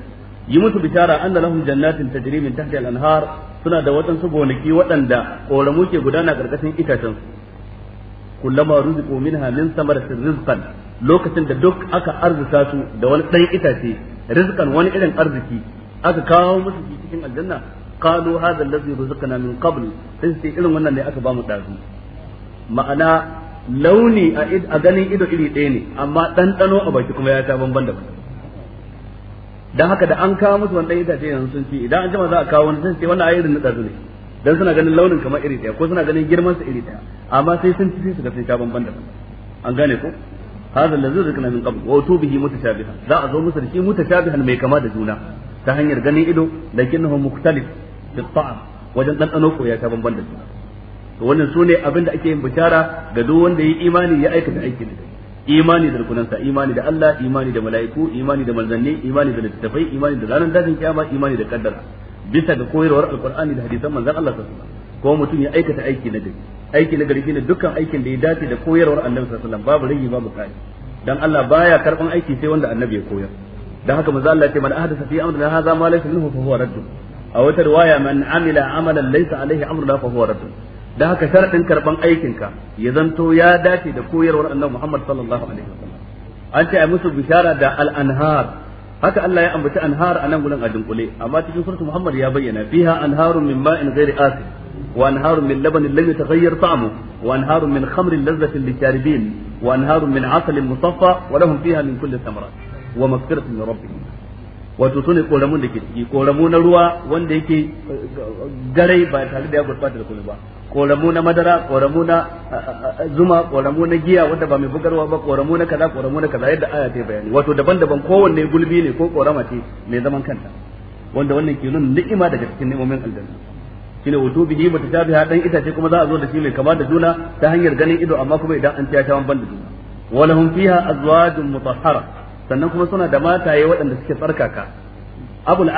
yi musu bishara anna lahum jannatin tajri min tahtiha anhar suna da waɗansu gonaki waɗanda ƙoramu ke gudana karkashin itacen su kullama ruziqu minha min samaratin rizqan lokacin da duk aka arzuta su da wani ɗan itace rizqan wani irin arziki aka kawo musu cikin aljanna qalu hadha allazi ruzqana min qabl sai sai irin wannan ne aka ba mu dazu ma'ana launi a ganin ido iri ɗaya ne amma ɗanɗano a baki kuma ya ta bamban dan haka da an kawo musu wanda itace yanzu sun ci idan an jima za a kawo wani sun ce wannan ayirin na dazu ne dan suna ganin launin kamar iri daya ko suna ganin girman su iri daya amma sai sun ci su ga sai ta banban da an gane ko hadha allazi zikna min qabl wa tubihi mutashabiha za a zo musu da shi mutashabihan mai kama da juna ta hanyar ganin ido lakinnahu mukhtalif fi ta'am wajen dandano ko ya ta banban da juna to wannan sune abin da ake yin bishara ga duk wanda ya imani ya aikata aikin da imani da rukunansa imani da Allah imani da mala'iku imani da manzanni imani da littattafai imani da ranar dajin kiyama imani da kaddara bisa ga koyarwar alqur'ani da hadisan manzon Allah sallallahu alaihi wasallam ko mutum ya aikata aiki na gari aiki na gari shine dukkan aikin da ya dace da koyarwar annabi sallallahu alaihi wasallam babu rigi babu kai dan Allah baya karban aiki sai wanda annabi ya koyar dan haka manzo Allah ya ce man ahdasa fi amrina hadha ma laysa minhu fa huwa radd a wata riwaya man amila amalan laysa alaihi amruna fa huwa radd da haka sharadin karban aikinka ya zanto ya dace da koyarwar annabi Muhammad sallallahu alaihi wasallam an ce ai musu bishara da al anhar haka Allah ya ambaci anhar anan gurin a dunkule amma cikin suratu Muhammad ya bayyana fiha anharun min ma'in ghairi asid wa anharun min labanin lam yataghayyar ta'mu wa anharun min khamrin lazzatin lisharibin wa anharun min 'asalin musaffa wa lahum fiha min kulli thamarat wa maghfiratun min rabbihim wato sune koramun da ke ciki koramu na ruwa wanda yake eh, garai ba tare da ya gurbata da kullu ba koramu na madara koramu na zuma koramu na giya wanda ba mai bugarwa ba koramu na kaza koramu na kaza yadda aya ta bayani wato daban-daban kowanne gulbi ne ko korama ce mai zaman kanta wanda wannan ke nuna ni'ima daga cikin ni'imomin aljanna shine wato bihi mutajabiha dan itace kuma za a zo da shi mai kama da juna ta hanyar ganin ido amma kuma idan an tiya tawan ban da juna walahum fiha azwajun mutahhara sannan kuma suna da mataye waɗanda suke tsarkaka abul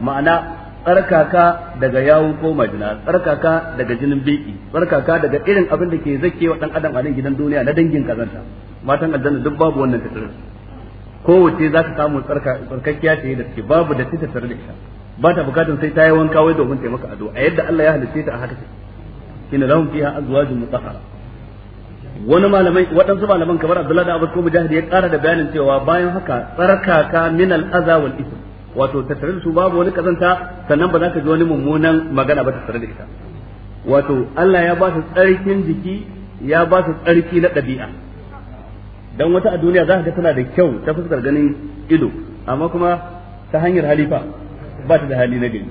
ma'ana tsarkaka daga yawu ko majina tsarkaka daga jinin beki tsarkaka daga irin abin da ke zake wa dan adam a nan gidan duniya na dangin kazanta matan aljanna duk babu wannan ko kowace za ta samu tsarkakkiya ce da take babu da ta tare da ita ba ta bukatun sai ta yi wanka wai domin ta maka addu'a a yadda Allah ya halitta ta a haka ce kina lahum fiha azwajun mutahhara wani malamai waɗansu malaman kamar Abdullahi da Abbas ko Mujahid ya ƙara da bayanin cewa bayan haka tsarkaka min al-adha wal wato tattare da su babu wani kazanta sannan ba za ka ji wani mummunan magana ba tattare da ita wato Allah ya ba su tsarkin jiki ya ba su tsarki na ɗabi'a dan wata a duniya za ka ga tana da kyau ta fuskar ganin ido amma kuma ta hanyar halifa ba ta da hali na gari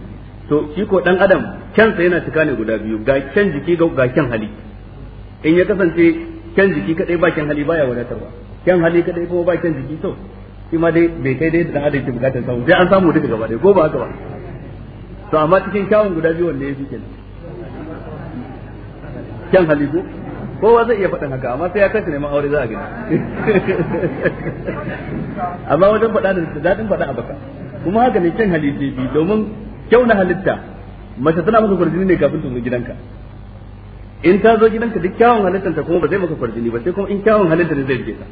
to shi ko dan adam kyansa yana cika ne guda biyu ga kyan jiki ga kyan hali in ya kasance kyan jiki kadai ba kyan hali baya wadatarwa kyan hali kadai kuma ba kyan jiki to shi ma dai bai kai dai da dan adam ke bukatar samu sai an samu duka gaba dai ko ba haka ba to amma cikin kyawun guda biyu wanda ya fi kenan kyan halibu ko kowa zai iya faɗin haka amma sai ya kashe neman aure za a gina amma wajen faɗa da daɗin faɗa a baka kuma haka ne kyan hali sai bi domin kyau na halitta mace tana maka kwarjini ne kafin ta zo gidanka in ta zo gidanka duk kyawun halittanta kuma ba zai maka kwarjini ba sai kuma in kyawun halittar ne zai rike ka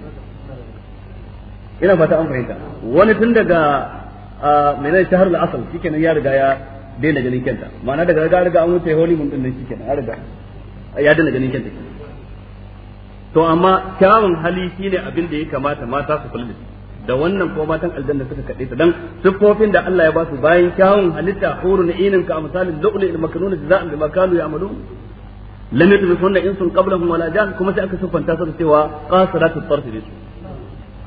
ina fata an fahimta wani tun daga menene shahar al-asal shikenan ya riga ya daina ganin kenta ma'ana daga riga riga an wuce holy mun din nan shikenan ya riga ya daina ganin kenta to amma kyawun hali shine abin da ya kamata mata su kula da wannan ko matan aljanna suka kade ta dan siffofin da Allah ya ba su bayan kyawun halitta hurun inin ka amsalin lu'lu'il maknun jaza'an bima kanu ya'malun lam yatbisunna insun qablahum wala jan kuma sai aka siffanta su cewa qasiratut tarfidisu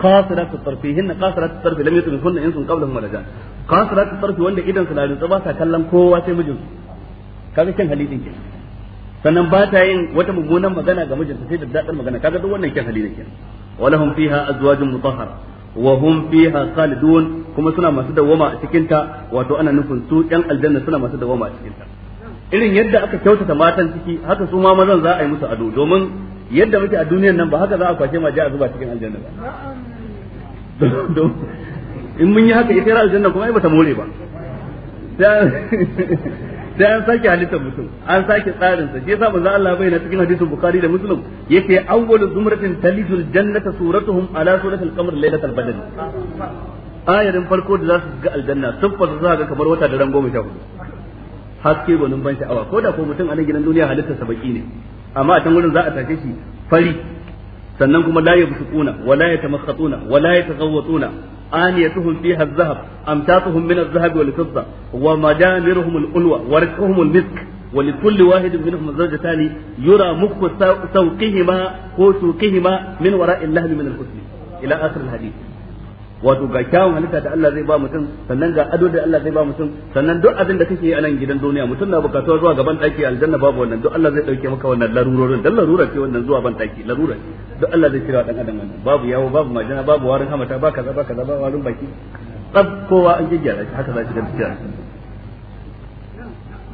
qasirat at-tarfi hinna qasirat at-tarfi lam yatun kunna insun qablahum wala jan qasirat at-tarfi wanda idan su na rutsa ba sa kallon kowa sai mijin kaga kin halidin ke sannan ba ta yin wata mummunan magana ga mijinta sai da dadar magana kaga duk wannan kin halidin ke walahum fiha azwajun mutahhara wa hum fiha khalidun kuma suna masu dawwama a cikin ta wato ana nufin su ɗan aljanna suna masu dawwama a cikin ta irin yadda aka kyautata matan ciki haka su ma mazan za a yi musu ado domin yadda muke a duniyar nan ba haka za a kwashe ma a zuba cikin aljanna ba in mun yi haka ita aljanna kuma ai bata more ba sai an sake halittar mutum an sake tsarin sa shi yasa manzo Allah bai na cikin hadisin bukhari da muslim yake awwalu zumratin talidul jannata suratuhum ala suratil qamar lailatul badr ayarin farko da za su ga aljanna siffar za ga kamar wata da ran goma sha hudu haske gonin ban sha'awa ko da ko mutum a nan gidan duniya halittar sa baki ne amma a can wurin za a tashe shi fari sannan kuma la yabsuquna wa la yatamakhatuna wa la yatazawwatuna aniyatuhum fiha adh-dhahab amsatuhum min adh-dhahab wal fidda wa majamiruhum al-ulwa wa rikhuhum al-misk wa li kulli wahidin minhum zawjatan yura mukhu sawqihima hu sawqihima min wara'i al-lahmi min al ila akhir al wato ga kyawun halitta da Allah zai ba mutum sannan ga ado da Allah zai ba mutum sannan duk abin da kake yi a nan gidan duniya mutum na bukatuwa zuwa gaban daki aljanna babu wannan duk Allah zai dauke maka wannan larurorin dan larura ce wannan zuwa ban daki larura ce duk Allah zai kira dan adam wannan babu yawo babu majina babu warin hamata ba kaza ba kaza ba warin baki tsab kowa an gyaggyara shi haka za shi ga tafiya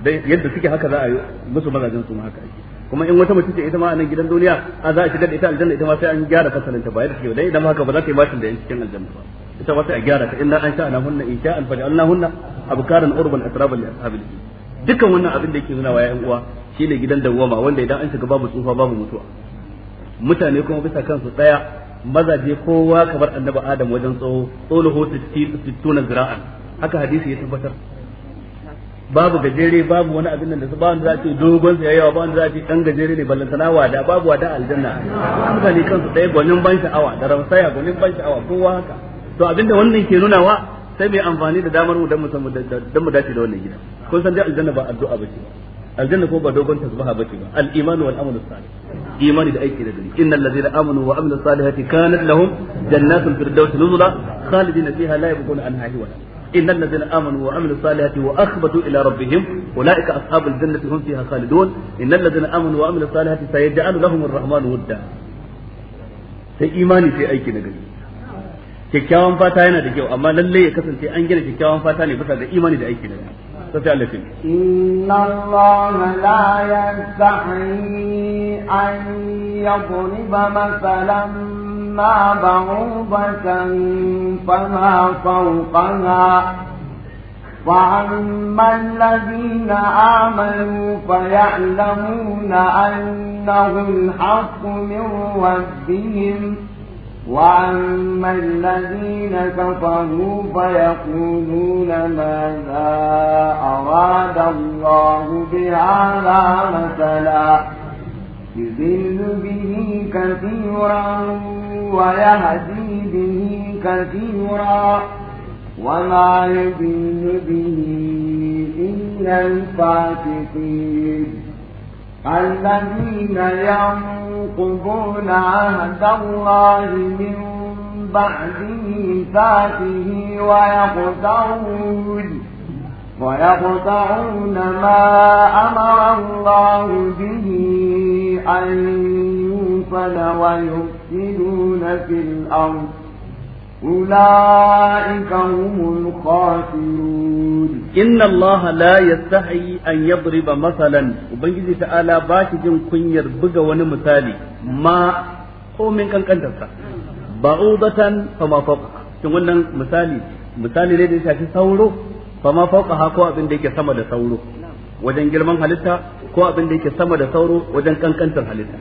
dai yadda suke haka za a yi musu mazajin su haka ake kuma in wata mutum ce ita ma a nan gidan duniya a za a shigar da ita aljanna ita ma sai an gyara fasalin ta bayan take dai idan haka ba za ta yi bashin da yan cikin aljanna ba ita ba sai a gyara ta inna an sha ana hunna in sha an faɗi Allah hunna abkaran urban asraban li ashabil dukkan wannan abin da yake nuna wa ƴan uwa shine gidan dawwama wanda idan an shiga babu tsufa babu mutuwa mutane kuma bisa kansu tsaya mazaje kowa kamar annabi adam wajen tsawo tsoluhu 60 zira'an haka hadisi ya tabbatar babu gajere babu wani abin da ba wanda za ta dogon sa yawa ba wanda za ta dan gajere ne wa wada babu wada aljanna mutane kansu ɗaya gwanin ban sha'awa da ramsaya gwanin ban sha'awa kowa haka to abinda wannan ke nuna wa, sai mai amfani da damar mu dan mu dan mu dace da wannan gida kun san dai aljanna ba addu'a ba ce aljanna ko ba dogon tasbaha ba ce ba al-iman wal amal salih imani da aiki da gari innal ladina amanu wa amilus salihati kanat lahum jannatul firdaus nuzula khalidina fiha la yabquna anha hiwa إن الذين آمنوا وعملوا الصالحات وأخبتوا إلى ربهم أولئك أصحاب الجنة هم فيها خالدون إن الذين آمنوا وعملوا الصالحات سيجعل لهم الرحمن ودا sai imani sai aiki na kyakkyawan fata yana da kyau amma lalle ya kasance an gina kyakkyawan fata ne bisa ga imani da aiki na gari sai Allah fin inna Allah la yastahi an masalan أما بعوضة فما فوقها فأما الذين آمنوا فيعلمون أنه الحق من ربهم وأما الذين كفروا فيقولون ماذا أراد الله بهذا مثلا يضل به كثيرا ويهدي به كثيرا وما يضل به إلا الفاسقين الذين ينقضون عهد الله من بعد ميثاقه ويقطعون ويقطعون ما أمر الله به أن يوصل ويفسدون في الأرض أولئك هم الخاسرون إن الله لا يستحي أن يضرب مثلا وبنجي تعالى باش جن كن يربق ونمثالي ما هو من كان كان تسا بعوضة فما فوق تقولنا مثالي مثالي لدي شاكي ثورو فما فوقها كو بندك سمد ثورو wajen girman halitta ko abin da yake sama da sauro wajen kankantar halitta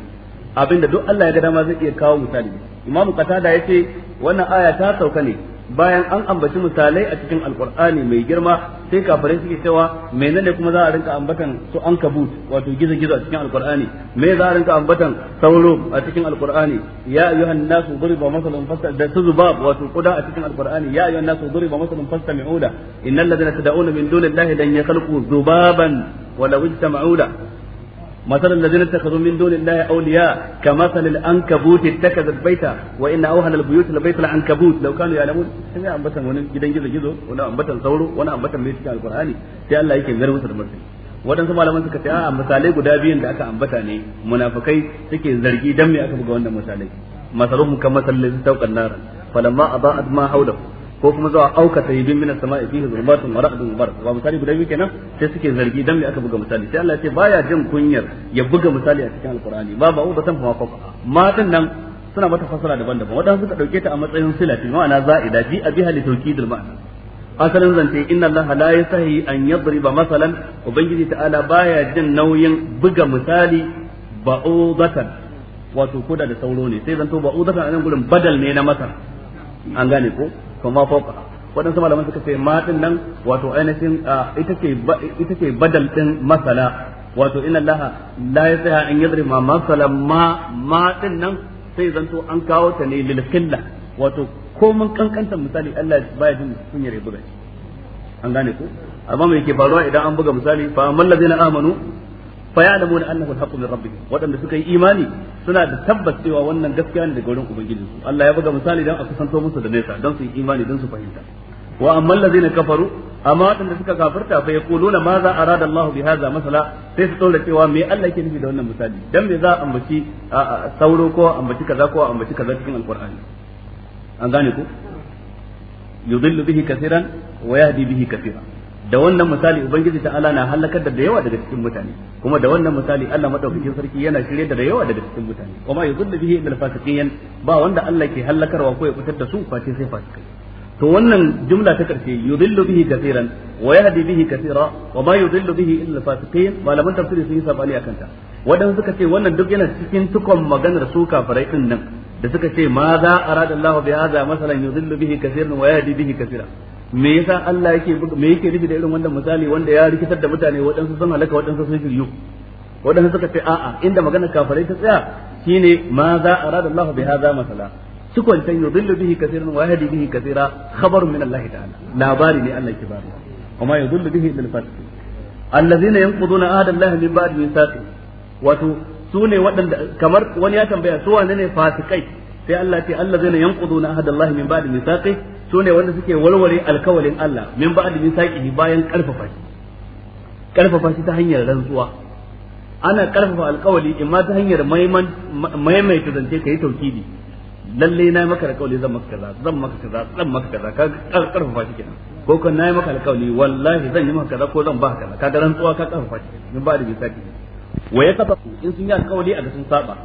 abin da duk Allah ya ga dama zai iya kawo misali imamu qatada yace wannan aya ta sauka ne bayan an ambaci misalai a cikin alkur'ani mai girma sai kafirai suke cewa menene kuma za a rinka ambatan su an kabut wato gizo-gizo a cikin alkur'ani me za a rinka ambatan sauro a cikin alkur'ani ya ayu annasu duriba masalun fasta da su zubab wato kuda a cikin alkur'ani ya ayu annasu duriba masalun fasta mi'uda innal ladina tad'una min dunillahi lan yakhluqu zubaban walau ijtama'u مثل الذين اتخذوا من دون الله اولياء كمثل العنكبوت اتخذت بيتا وان اوهن البيوت لبيت العنكبوت لو كانوا يعلمون sai ya ambatan wani gidan gizo gizo wani ambatan sauro wani ambatan mai cikin alqur'ani sai Allah yake mayar musu da martani waɗansu a misalai guda biyun da aka ambata ne munafikai suke zargi dan me aka buga wannan misalai masaruhum kamathal ladzi tawqan nar falamma ma ko kuma zuwa auka tayyibin minas sama'i fihi zulmatun wa ra'dun bar ba misali guda biyu kenan sai suke zargi dan me aka buga misali sai Allah ya ce baya jin kunyar ya buga misali a cikin alqur'ani ba ba ba san fa ma din nan suna mata fasara daban-daban wadanda suka dauke ta a matsayin silati ma'ana za'ida bi abi hali tawkidul ma'ana asalin zance inna allaha la yasahi an yadriba masalan ubangiji ta'ala baya jin nauyin buga misali ba'udatan wato koda da sauro ne sai zanto ba'udatan a anan gurin badal ne na masar an gane ko kuma fawqaha waɗansu malaman suka ce ma din nan wato ainihin ita ce ita ce badal din masala wato inna allaha la yasaha an yadri ma masala ma ma din nan sai zanto an kawo ta ne lil qilla wato ko mun kankanta misali Allah baya jin kunyar yare buga an gane ko amma me yake faruwa idan an buga misali fa amman ladina amanu fa ya'lamuna annahu al-haqqu min rabbihim wadanda suka yi imani suna da tabbas cewa wannan gaskiya ne daga wurin ubangiji Allah ya buga misali dan a kusanto musu da nesa dan su yi imani dan su fahimta wa amma allazina kafaru amma wadanda suka kafirta fa yaquluna ma za arada Allah bi hadha masala sai su tsora cewa me Allah yake nufi da wannan misali dan me za a ambaci sauro ko ambaci kaza ko ambaci kaza cikin alqur'ani an gane ko yudillu bihi kaseeran wa yahdi bihi kaseeran da wannan misali ubangiji ala na halakar da yawa daga cikin mutane kuma da wannan misali Allah madaukakin sarki yana shirye da yawa daga cikin mutane kuma ya da bihi illa fasiqin ba wanda Allah ke halakarwa ko ya fitar da su face sai fasikai to wannan jumla ta karshe yudillu bihi kaseeran wa yahdi bihi kaseera wa ma yudillu bihi illa fasiqin malaman tafsiri sun yi sabani akan ta wadanda suka ce wannan duk yana cikin tukon maganar su kafirai din nan da suka ce ma za arada Allah bi hadha masalan yudillu bihi kaseeran wa yahdi bihi kaseera me yasa Allah yake me yake nufi da irin wannan misali wanda ya rikitar da mutane waɗansu sun halaka waɗansu sun shiryu waɗansu suka ce a'a inda magana kafirai ta tsaya shine ma za arada Allah bi hadha masala cikon tan yudillu bihi kaseeran wa yahdi bihi kaseera khabarun min Allah ta'ala labari ne Allah ke bari kuma yudillu bihi lil fasiq allazina yanquduna ahda Allah min ba'd misaqi wato su ne waɗanda kamar wani ya tambaya su wane ne fasikai sai Allah ce allazina yanquduna ahda Allah min ba'd misaqi su ne wanda suke warware alkawalin Allah min ba'd misaqihi bayan karfafa shi karfafa shi ta hanyar rantsuwa ana karfafa alkawali ma ta hanyar maimaita zance kai taukidi lalle na yi maka alkawali zan maka kaza zan maka kaza zan maka kaza ka karfafa shi kenan ko kan na yi maka alkawali wallahi zan yi maka kaza ko zan ba kaza ka ga rantsuwa ka karfafa shi min ba'd misaqihi wa ya yakafu in sun yi alkawali a ga sun saba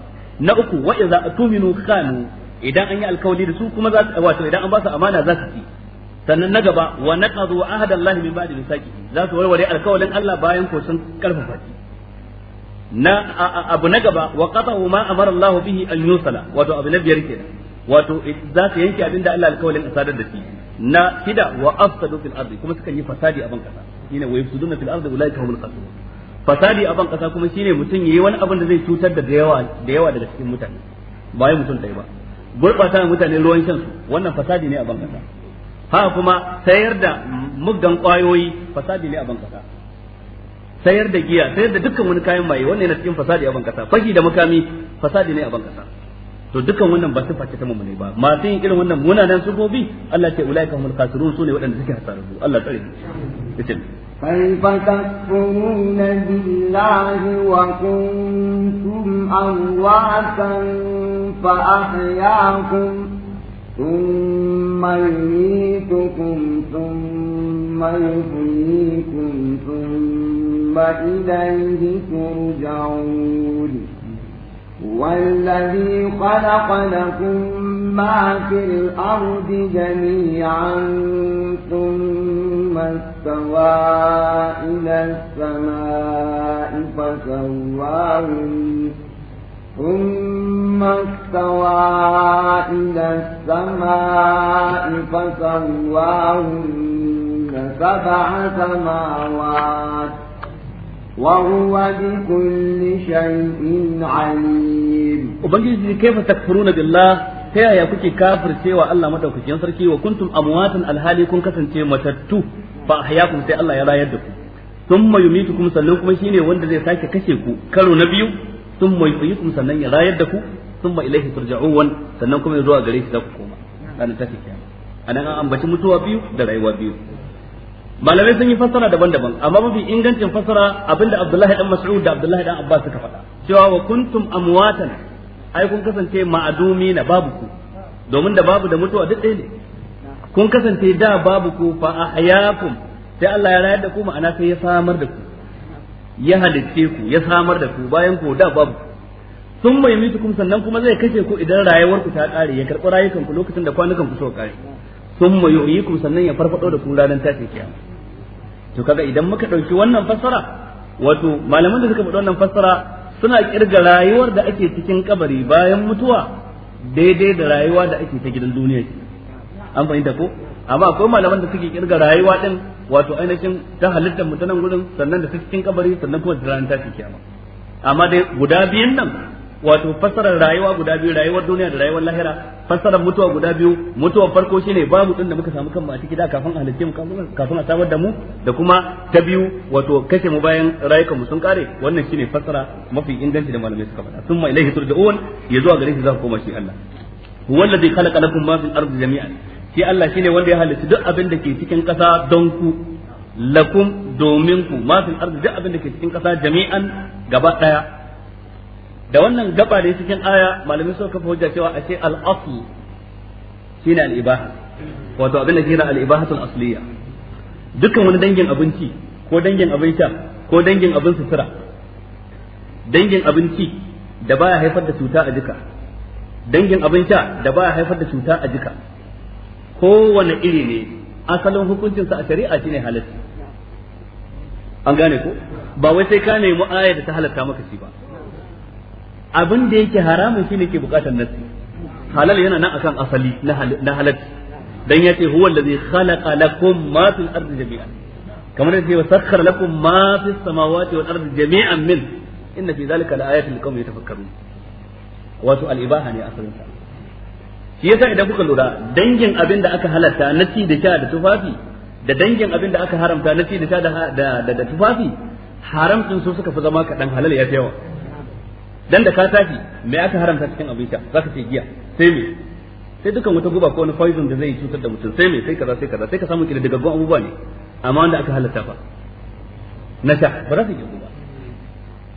na uku wa idza atuminu khanu idan an yi alkawari da su kuma za su wato idan an ba su amana za su ci sannan na gaba wa naqadu ahada Allah min ba'di misaqihi za su warware alkawarin Allah bayan ko sun karfafa shi na abu na gaba wa qata'u ma amara Allah bihi an yusala wato abu na biyar kenan wato za su yanke abinda Allah alkawalin asadar da shi na shida wa afsadu fil ardi kuma sukan yi fasadi a ban kasa shine wa yufsiduna fil ardi ulaika humul khasirun fasadi a ban kasa kuma shine mutum yayi wani abin da zai cutar da yawa da yawa daga cikin mutane ba ya mutum ɗaya ba gurbata mutane ruwan shan wannan fasadi ne a bankasa haka kuma sayar da muggan kwayoyi fasadi ne a bankasa sayar da giya sayar da dukkan wani kayan maye wannan yana cikin fasadi a bankasa fashi da mukami fasadi ne a bankasa to dukkan wannan ba su ce ta mummune ba masu yin irin wannan munanan gobi Allah ce ulaika humul khasirun sune waɗanda suke hasararru Allah tsare su كيف تكفرون بالله وكنتم أمواتا فأحياكم ثم يميتكم ثم يحييكم ثم إليه ترجعون والذي خلق لكم ما في الأرض جميعا ثم استوى إلى السماء فسواهن ثم استوى إلى السماء فسواهن سبع سماوات وهو بكل شيء عليم وبنجي كيف تكفرون بالله ta yaya kuke kafircewa Allah madaukakin sarki wa kuntum amwatan alhali kun kasance matattu fa ahyakum sai Allah ya rayar da ku thumma yumitukum sannan kuma shine wanda zai sake kashe ku karo na biyu thumma yuhyikum sannan ya rayar da ku thumma ilaihi turja'un sannan kuma zuwa gare shi za ku koma anan an ambaci mutuwa biyu da rayuwa biyu malamai sun yi fassara daban-daban amma mafi ingancin fassara abinda Abdullahi dan Mas'ud da Abdullahi dan Abbas suka faɗa cewa wa kuntum amwatan ai kun kasance ma'adumi na babu ku domin da babu da mutuwa duk ɗaya ne kun kasance da babu ku fa ahyakum sai Allah ya rayar da ku ma'ana sai ya samar da ku ya halicce ku ya samar da ku bayan ku da babu sun mai kuma sannan kuma zai kashe ku idan rayuwar ku ta ƙare ya karɓi rayukan ku lokacin da kwanukan ku suka ƙare sun mai sannan ya farfado da ku ranar tashin kiyama to kaga idan muka ɗauki wannan fassara wato malaman da suka faɗi wannan fassara suna kirga rayuwar da ake cikin kabari bayan mutuwa daidai da rayuwa da ake ta gidan duniya ce an fahimta ko amma akwai malaman da suke kirga rayuwa din wato ainihin ta halittar mutanen gurin sannan da ta cikin kabari sannan kuma da ranar tashi kiyama amma dai guda biyun nan wato fassarar rayuwa guda biyu rayuwar duniya da rayuwar lahira fassarar mutuwa guda biyu mutuwar farko shine babu din da muka samu kanmu a ciki da kafin halitta mu kafin a samar da mu da kuma ta biyu wato kashe mu bayan rayukan mu sun kare wannan shine fassara mafi inganci da malamai suka faɗa summa ilaihi turja'un ya zuwa gare shi za ku koma shi Allah huwa alladhi khalaqa lakum ma fil ardi jami'an shi Allah shine wanda ya halitta duk abin da ke cikin ƙasa don ku lakum domin ku ma fil ardi duk abin da ke cikin ƙasa jami'an gaba daya da wannan gaba da cikin aya malamin suka kafa hujja cewa ashe al-asl shine al-ibaha wato abin da kira al al asliya dukkan wani dangin abinci ko dangin abin sha ko dangin abin sutura dangin abinci da baya haifar da cuta a jika dangin abin sha da baya haifar da cuta a jika kowane iri ne asalin sa a shari'a shine halatta an gane ko ba wai sai ka nemi aya da ta halatta maka shi ba abin da yake haramun shine ke bukatar nasi halal yana nan akan asali na halatti dan yace huwa allazi khalaqa lakum ma fil ardi jami'an kamar yace wa sakhkhara lakum ma fis samawati wal ardi jami'an min inna fi dhalika la ayatin liqaumin yatafakkarun wato al ibaha ne asalin sa shi yasa idan kuka lura dangin abin da aka halatta na ci da sha da tufafi da dangin abin da aka haramta na ci da sha da da tufafi haramcin su suka fi zama kaɗan halal ya fi yawa dan da ka tafi me aka haramta cikin abin sha zaka ce giya sai me sai dukan wata guba ko wani poison da zai cutar da mutum sai me sai kaza sai kaza sai ka samu kida daga gwan abubuwa ne amma wanda aka halatta fa na sha ba za su yi guba.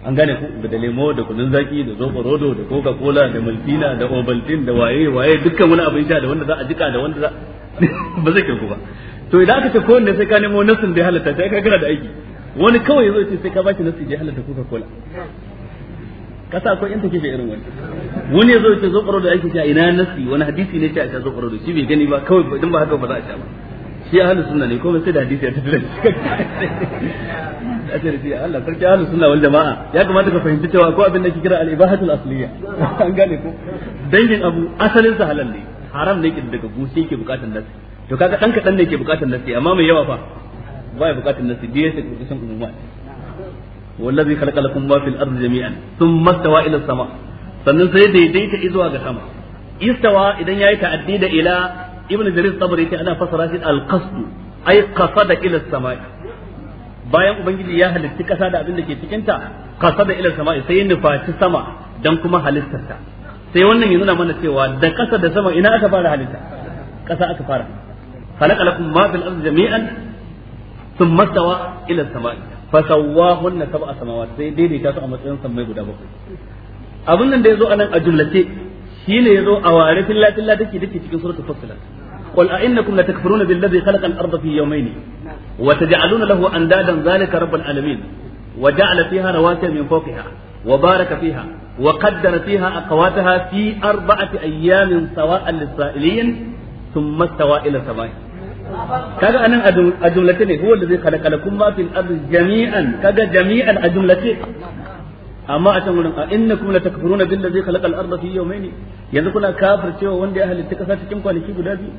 an gane ku da lemo da kunun zaki da zobo rodo da coca cola da maltina da obaltin da waye waye dukkan wani abin sha da wanda za a jika da wanda za ba zai kirku guba. to idan aka ce ko ne sai ka nemo nasin da ya halatta sai ka gara da aiki wani kawai zai ce sai ka bashi nasin da ya halatta coca cola kasa ko in take irin wani wani yazo ya ce zo karo da ake cewa ina nasi wani hadisi ne ce a zo karo da shi bai gani ba kawai din ba haka ba za a ci ba shi ahli sunna ne komai sai da hadisi ya da asirci Allah sarki ahli sunna wal jamaa ya kamata ka fahimci cewa ko abin da ke kira al-ibahatul asliya an gane ko dangin abu asalin sa halal ne haram ne kin daga gushe yake bukatan nasi to kaga dan kadan ne ke bukatan nasi amma mai yawa fa ba ya bukatan nasi biye sai kusan umma wallazi khalaqa lakum ma fil ardi jami'an thumma stawa ila sama sannan sai daidaita izuwa ga sama istawa idan yayi ta'addi da ila ibnu jarir tabari ta ana fasara shi al-qasd ay qasada ila samai bayan ubangiji ya halitta kasa da abin da ke cikin ta qasada ila samai sai ya nufaci sama dan kuma halittar ta sai wannan ya nuna mana cewa da kasa da sama ina aka fara halitta kasa aka fara khalaqa lakum ma fil ardi jami'an thumma stawa ila samai fasawwahunna sab'a samawat sai daidaita su a matsayin sammai guda bakwai abin nan da yazo anan a jumlace shine yazo a ware filla filla dake dake cikin suratul fussilat قل أئنكم لتكفرون بالذي خلق الأرض في يومين وتجعلون له أندادا ذلك رب العالمين وجعل فيها رواسي من فوقها وبارك فيها وقدر فيها أقواتها في أربعة أيام سواء للسائلين ثم استوى إلى السماء kaga anan a jumlace ne huwa da zai kada kada kun ma fil ardi jami'an kaga jami'an a jumlace amma a can wurin a innakum la takfuruna bil ladzi khalaqa al arda fi yawmayn yanzu kuna kafircewa wanda ya halitta kasa cikin kwanaki guda biyu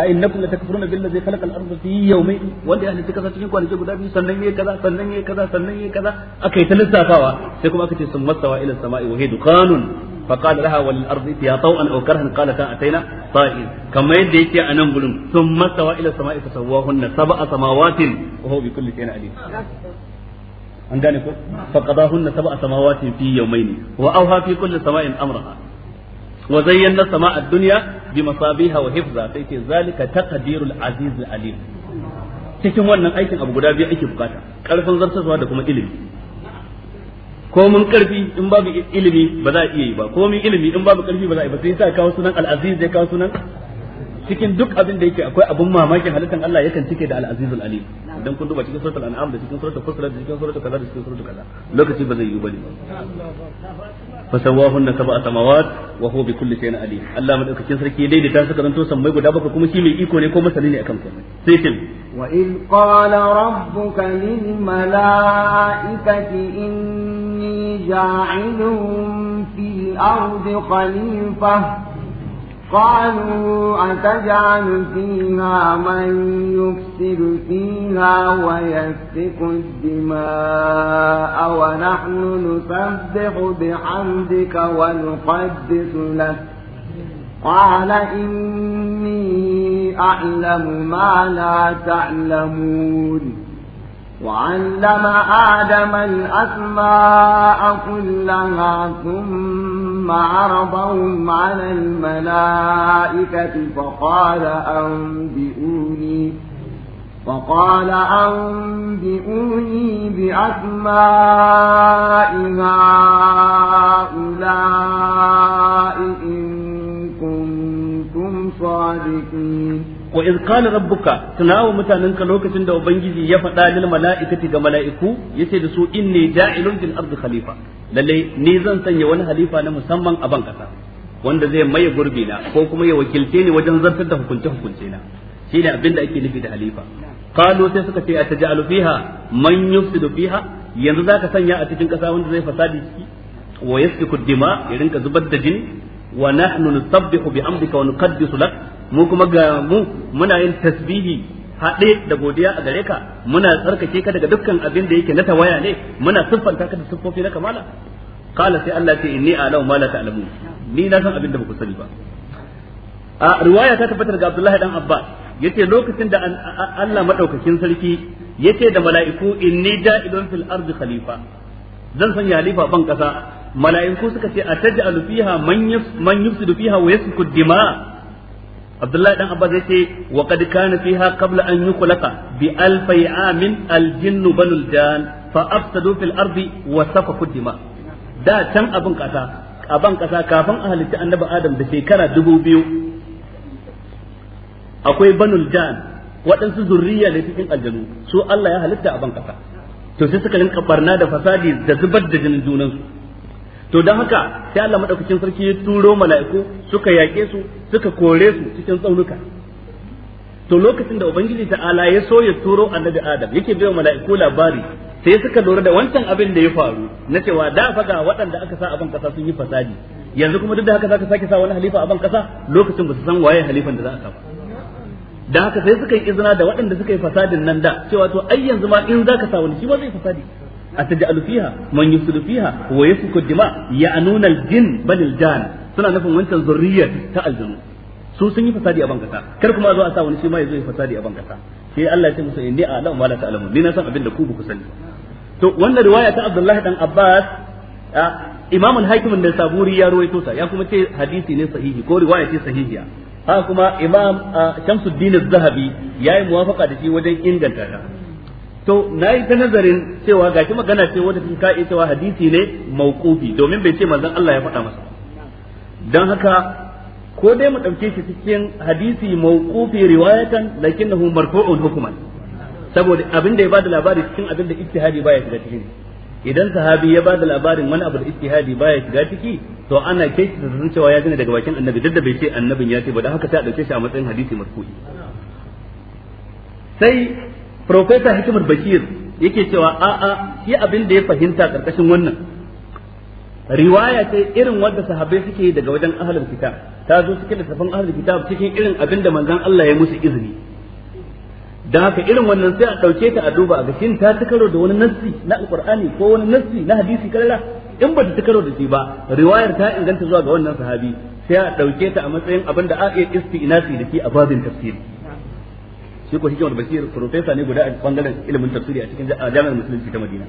a innakum la takfuruna bil ladzi khalaqa al arda fi yawmayn wanda ya halitta kasa cikin kwanaki guda biyu sannan yayi kaza sannan yayi kaza sannan yayi kaza akai ta lissafawa sai kuma aka ce sun masawa ila sama'i wa hidu qanun فقال لها وللارض يا طوعا او كرها قالتا اتينا طائعين كما يدي يكي انا غلم ثم سوى الى السماء فسواهن سبع سماوات وهو بكل شيء عليم an gane ko faqadahunna sab'a samawatin fi yawmayn wa awha fi kulli sama'in amraha wa zayyana sama'a ad-dunya bi masabiha sai ce zalika taqdirul aziz alim cikin wannan aikin abu guda biyu ake bukata karfin zartaswa da kuma ilimi ko mun karfi in babu ilimi ba za a iya yi ba ko mun ilimi in babu karfi ba za a yi ba sai sa kawo sunan al-aziz ya kawo sunan cikin duk abin da yake akwai abun mamakin halittar Allah yakan cike da al-azizul alim idan kun duba cikin suratul an'am da cikin suratul fusilat da cikin suratul kaza da cikin suratul kaza lokaci ba zai yi bane fa sawahunna sab'a samawat wa huwa bi kulli shay'in alim Allah madaukakin sarki ta daidaita suka zanto sammai guda bakwai kuma shi mai iko ne ko masani ne akan komai sai ce wa in qala rabbuka lil mala'ikati inni ja'ilun fil ardi khalifah قالوا أتجعل فيها من يفسد فيها ويسفك الدماء ونحن نسبح بحمدك ونقدس لك قال إني أعلم ما لا تعلمون وعلم آدم الأسماء كلها ثم ثم عرضهم على الملائكة فقال أنبئوني فقال أنبئوني بأسماء هؤلاء إن كنتم صادقين وإذ قال ربك تناو متاننك لوكتن دو بنجزي يفتا للملائكة كملائكو يسيد سوء إني جاعل في الأرض خليفة Lallai ni zan sanya wani halifa na musamman a ban kasa wanda zai maye gurbi na ko kuma ya wakilce ni wajen zartar da hukunce hukunce na shine abin da ake nufi da halifa qalu sai suka ce ataj'alu fiha man yufsidu fiha yanzu zaka sanya a cikin kasa wanda zai fasadi ciki wa yasfiku dima ya rinka zubar da jini wa nahnu nusabbihu bi amdika wa nuqaddisu lak mu kuma ga mu muna yin tasbihi haɗe da godiya a gare ka muna tsarkake ka daga dukkan abin da yake na tawaya ne muna siffanta ka da siffofi na kamala qala sai Allah ce inni a'lamu ma la ta'lamun ni na san abin da baku sani ba a riwaya ta tabbatar ga Abdullahi dan Abbas yace lokacin da Allah madaukakin sarki yace da mala'iku inni da'ibun fil ardi khalifa zan sanya halifa ban kasa mala'iku suka ce ataj'alu fiha man yufsidu fiha wa yasfiku dima abdullahi dan abbas yace ce qad kana fiha qabla an yukhlaqa bi alfi amin aljinnu banul jan fa afsadu fil ardi wa da can a ban kasa kafin a halitta annabi adam da shekara dubu biyu akwai banul jan waɗansu zurriya ne cikin aljanu su Allah ya halitta a ban kasa to suka rinka barna da fasadi da zubar da jinin junansu to dan haka sai Allah madaukakin sarki ya turo mala'iku suka yaƙe su suka kore su cikin tsaunuka to lokacin da ubangiji ta'ala ya so ya turo annabi adam yake bai mala'iku labari sai suka lura da wancan abin da ya faru na cewa da fa ga waɗanda aka sa aban kasa sun yi fasadi yanzu kuma duk da haka zaka sake sa wani halifa aban kasa lokacin ba su san waye halifan da za a sa da haka sai suka yi izina da waɗanda suka yi fasadin nan da cewa to ai yanzu ma in zaka sa wani shi ba zai fasadi ataj'alu fiha man yuslu fiha wa yasfiku dima ya'nuna al-jin bal al-jan suna nufin wancan zurriyyar ta aljanu su sun yi fasadi a bankasa kar kuma zo a sa wani shi ma ya zo fasadi a bankasa sai Allah ya ce musu inni a a'lamu ma la ta'lamun ni na san abin da ku ba ku sani to wannan riwaya ta Abdullah dan Abbas Imam al-Hakim da Saburi ya rawaito ta ya kuma ce hadisi ne sahihi ko riwaya ce sahihiya ha kuma Imam Shamsuddin az-Zahabi yayi muwafaqa da shi wajen inganta ta to na yi ta nazarin cewa gashi magana ce wata take kai cewa hadisi ne mauqufi domin bai ce manzon Allah ya faɗa masa don haka ko dai mu ɗauke shi cikin hadisi mauqufi riwayatan lakinnahu marfu'un hukuman saboda abin da ya bada labari cikin abin da hadi baya shiga cikin idan sahabi ya bada labarin wani abu da hadi baya shiga ciki to ana kai shi da cewa ya gane daga bakin annabi duk da bai ce annabin ya ce ba don haka sai a ɗauke shi a matsayin hadisi marfu'i sai profesa hikimar bakir yake cewa a'a yi abin da ya fahimta karkashin wannan riwaya ce irin wadda sahabbai suke daga wajen ahalin kitab ta zo suke da littafin ahalin kitab cikin irin abin da manzon Allah ya musu izini dan haka irin wannan sai a dauke ta a duba a gashin ta ta karo da wani nassi na alqur'ani ko wani nassi na hadisi kallala in ba ta karo da shi ba riwayar ta inganta zuwa ga wannan sahabi sai a ɗauke ta a matsayin abin da a iya istinasi da ke a babin tafsiri shi ko hikimar bashir professor ne guda a bangaren ilimin tafsiri a cikin jami'ar musulunci ta madina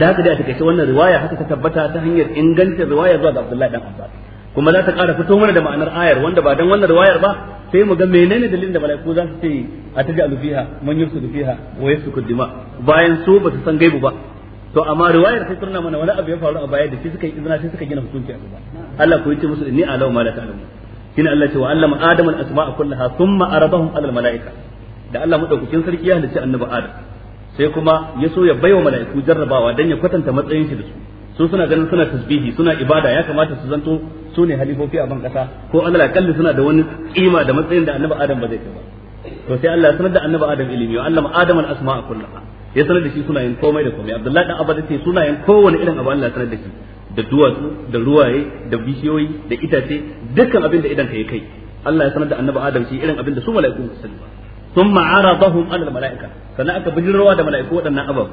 da haka dai a takaice wannan riwaya haka ta tabbata ta hanyar ingancin riwaya zuwa ga abdullahi dan abbas kuma za ta kara fito mana da ma'anar ayar wanda ba dan wannan riwayar ba sai mu ga menene dalilin da mala'iku za su ce a taja alufiha man yufsidu fiha wa yasfiku dima bayan su ba su san gaibu ba to amma riwayar sai turna mana wani abu ya faru a baya da shi suka yi izina sai suka gina hukunci a gaba Allah ko yace musu inni alau ma la ta'lamu shine Allah ce wa allama adama al-asma'a kullaha thumma aradahum ala al-mala'ika da Allah madaukakin sarki ya halicci annabi Adam sai kuma ya so ya baiwa mala'iku jarrabawa dan ya kwatanta matsayin shi da su su suna ganin suna tasbihi suna ibada ya kamata su zanto su ne halifofi a ban kasa ko Allah kalli suna da wani kima da matsayin da annabi Adam ba zai kai ba to sai Allah ya sanar da annabi Adam ilimi wa Allah Adam al asma'a kullaha ya sanar da shi sunayen komai da komai Abdullahi dan Abba ce sunayen kowane irin abu Allah ya sanar da shi da duwatsu da ruwaye da bishiyoyi da itace dukkan abin da idan ka yi kai Allah ya sanar da annabi Adam shi irin abin da su mala'iku ba sani ba thumma aradahum ala malaika sannan aka bijirwa da malaiku waɗannan abab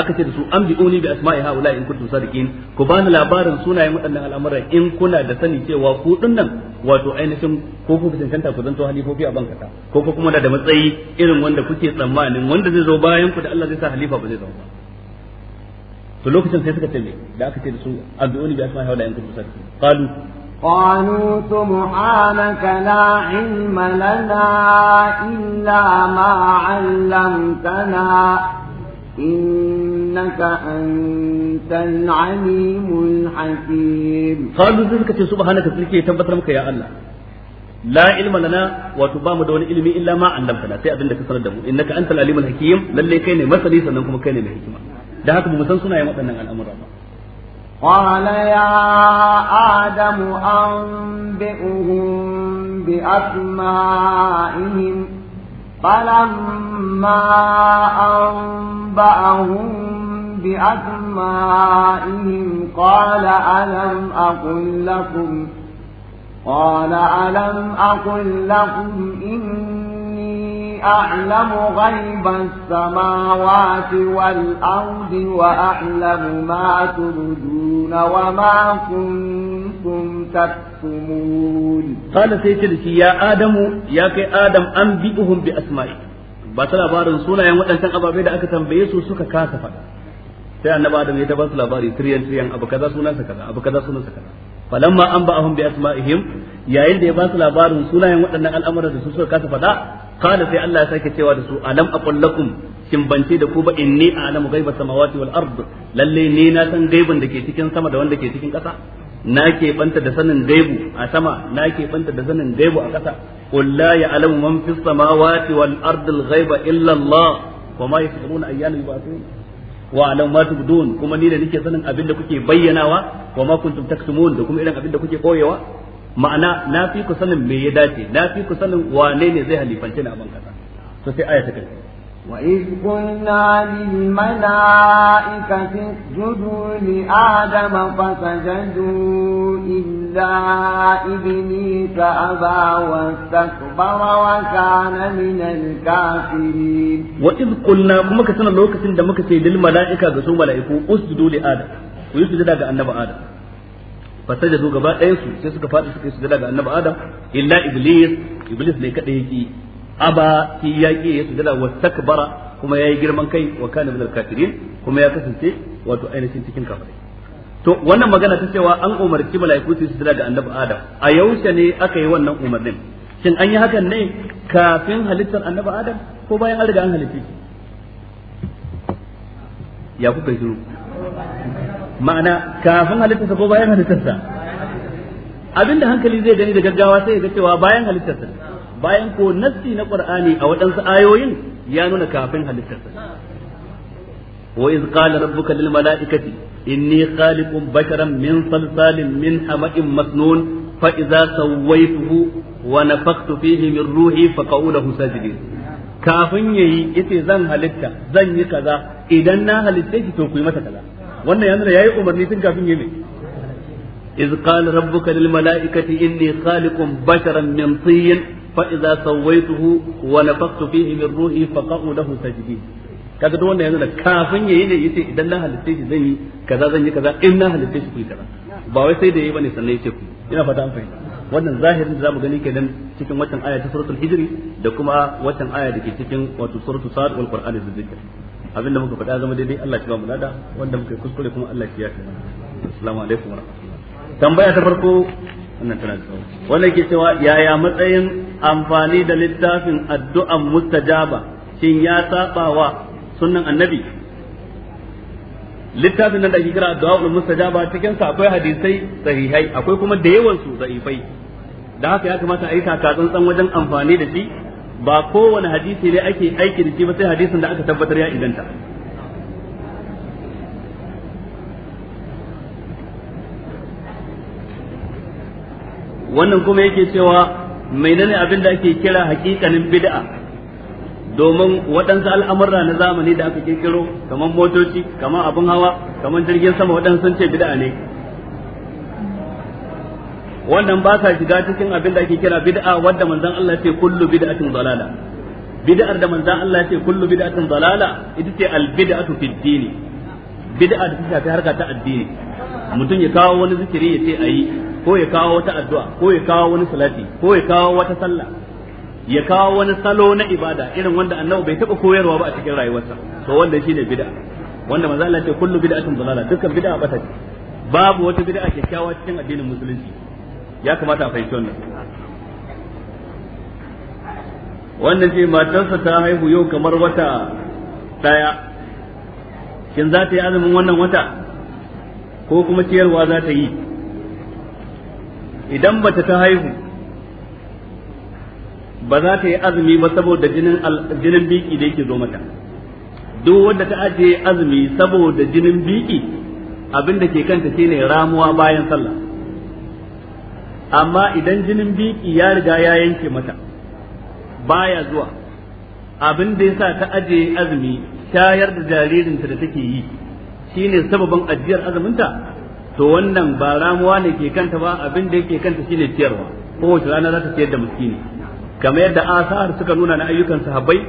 aka ce da su an bi'uni bi asma'i haula in kuntum sadiqin ku bani labarin sunayen waɗannan al'amuran in kuna da sani cewa ku dinnan wato ainihin ko ku cancanta ku zanto halifofi a bankata ko ko kuma da matsayi irin wanda kuke tsammanin wanda zai zo bayan ku da Allah zai sa halifa ba zai zama ba to lokacin sai suka ce da aka ce da su an bi'uni bi asma'i haula in kuntum sadiqin qalu قالوا سبحانك لا علم لنا إلا ما علمتنا إنك أنت العليم الحكيم قالوا ذلك سبحانك تلك يتبتر مك يا الله لا علم لنا وتبام دون علمي إلا ما علمتنا سي أبن لك سرده إنك أنت العليم الحكيم للي كيني مسلي سننكم كيني الحكيمة ده هكذا مسلسنا يا مطلنا الأمر الله قال يا آدم أنبئهم بأسمائهم فلما أنبأهم بأسمائهم قال ألم أقل لكم قال ألم أقل لكم إن أعلم غيب السماوات والأرض وأعلم ما تبدون وما كنتم تكتمون قال سيكل يا آدم يا كي آدم أنبئهم بأسمائك ba ta labarin sunayen waɗancan ababe da aka tambaye su suka kasa faɗa sai annabi adam ya ta ba su labari tiryan tiryan abu kaza sunansa kaza abu kaza sunansa kaza falamma an ba'ahum bi asma'ihim yayin da ya ba su labarin sunayen waɗannan al'amuran da su suka kasa faɗa qala sai Allah ya sake cewa da su alam aqul lakum kin bance da ku ba inni a'lamu ghaibas samawati wal ard lalle ni na san gaibin da ke cikin sama da wanda ke cikin ƙasa na ke banta da sanin gaibu a sama na ke banta da sanin gaibu a ƙasa qul la ya'lamu man fis samawati wal ard al ghaiba illa Allah wa ma yashuruna ayyana yub'athun wa alam ma tubdun kuma ni da nake sanin abin da kuke bayyanawa wa ma kuntum taktumun da kuma irin abin da kuke koyewa ma'ana na fi ku sanin me ya dace na fi ku sanin wane ne zai halifance na a ban kasa to sai aya ta kace wa iz kunna lil malaikati judu li adama fa sajadu illa ibni ka aba wa stakbara wa kana min al kafirin wa iz kunna kuma ka sanin lokacin da muka ce lil malaika ga su malaiku usjudu li adama ku yi sujada ga annabi adama fasajadu gaba ɗayan su sai suka faɗi suka yi sujada ga annabi adam illa iblis iblis ne kadai yake aba shi yaki ya sujada wa takbara kuma yayi girman kai wa kana min alkafirin kuma ya kasance wato ainihin cikin kafirai to wannan magana ta cewa an umarci mala'iku su sujada ga annabi adam a yaushe ne aka yi wannan umarnin shin an yi hakan ne kafin halittar annabi adam ko bayan an riga an halitta ya kuka shiru ma'ana kafin halittarsa ko bayan halittarsa abinda hankali zai gani da gaggawa sai ya ga cewa bayan halittarsa bayan ko nassi na qur'ani a waɗansu ayoyin ya nuna kafin halittarsa wa iz qala rabbuka lil mala'ikati inni khaliqun basharan min salsalin min hama'in masnun fa idza sawaytuhu wa nafakhtu fihi min ruhi fa qa'u sajidin kafin yayi yace zan halitta zan yi kaza idan na halitta shi to ku yi mata kaza wannan ya nuna yayi umarni tun kafin yi ne iz qala rabbuka lil mala'ikati inni khaliqun basharan min tin fa idza sawaituhu wa nafakhtu fihi min ruhi faqa'u lahu sajidin kaga duk wannan ya nuna kafin yayi ne yace idan na halitta shi zan yi kaza zan yi kaza in na halitta shi kuyi kaza ba wai sai da yayi bane sannan yace ku ina fata an fahimta wannan zahirin da zamu gani kenan cikin watan aya ta suratul hijri da kuma watan aya da ke cikin wato suratul sad wal qur'an zikr abinda muka faɗa zama daidai Allah shi ba mu nada wanda muka kuskure kuma Allah shi ya kai mana assalamu alaikum wa rahmatullahi tambaya ta farko wannan tana da tsawo wanda ke cewa yaya matsayin amfani da littafin addu'an mustajaba shin ya sabawa sunnan annabi littafin nan da ake kira addu'a mustajaba cikin sa akwai hadisai sahihai akwai kuma da yawan su da'ifai da haka ya kamata a yi taka wajen amfani da shi ba kowane hadisi ne ake aiki da shi ba sai hadisin da aka tabbatar ya inganta wannan kuma yake cewa menene abin da ake kira hakikanin bid'a domin waɗansu al'amurra na zamani da aka kirkiro kamar motoci kamar abin hawa kamar jirgin sama waɗansu sun ce bid'a ne wannan ba sa shiga cikin abin da ake kira bid'a wanda manzon Allah ce kullu bid'atin dalala bid'ar da manzon Allah ce kullu bid'atin dalala ita ce al bid'atu fid dini bid'a da ta harka ta addini mutum ya kawo wani zikiri ya ce ayi ko ya kawo wata addu'a ko ya kawo wani salati ko ya kawo wata sallah ya kawo wani salo na ibada irin wanda annabi bai taba koyarwa ba a cikin rayuwarsa to wanda shine bid'a wanda manzon Allah ce kullu bid'atin dalala dukkan bid'a bata babu wata bid'a kyakkyawa cikin addinin musulunci ya kamata a fahimci wannan wannan ce matarsa ta haihu yau kamar wata daya shin za ta yi azumin wannan wata ko kuma ciyarwa za ta yi idan bata ta haihu ba za ta yi azumi ba saboda jinin biki da yake zo mata duk wanda ta ajiye azumi saboda jinin biki abin da ke kanta shine ramuwa bayan sallah amma idan jinin biki ya riga ya yanke mata baya zuwa abin da ya sa ta aje azumi shayar da jaririnta da take yi shine sababin ajiyar azuminta to wannan ba ramuwa ne ke kanta ba abin da yake kanta shine ciyarwa kowace rana za ta ciyar da miskini kamar yadda asar suka nuna na ayyukan sahabbai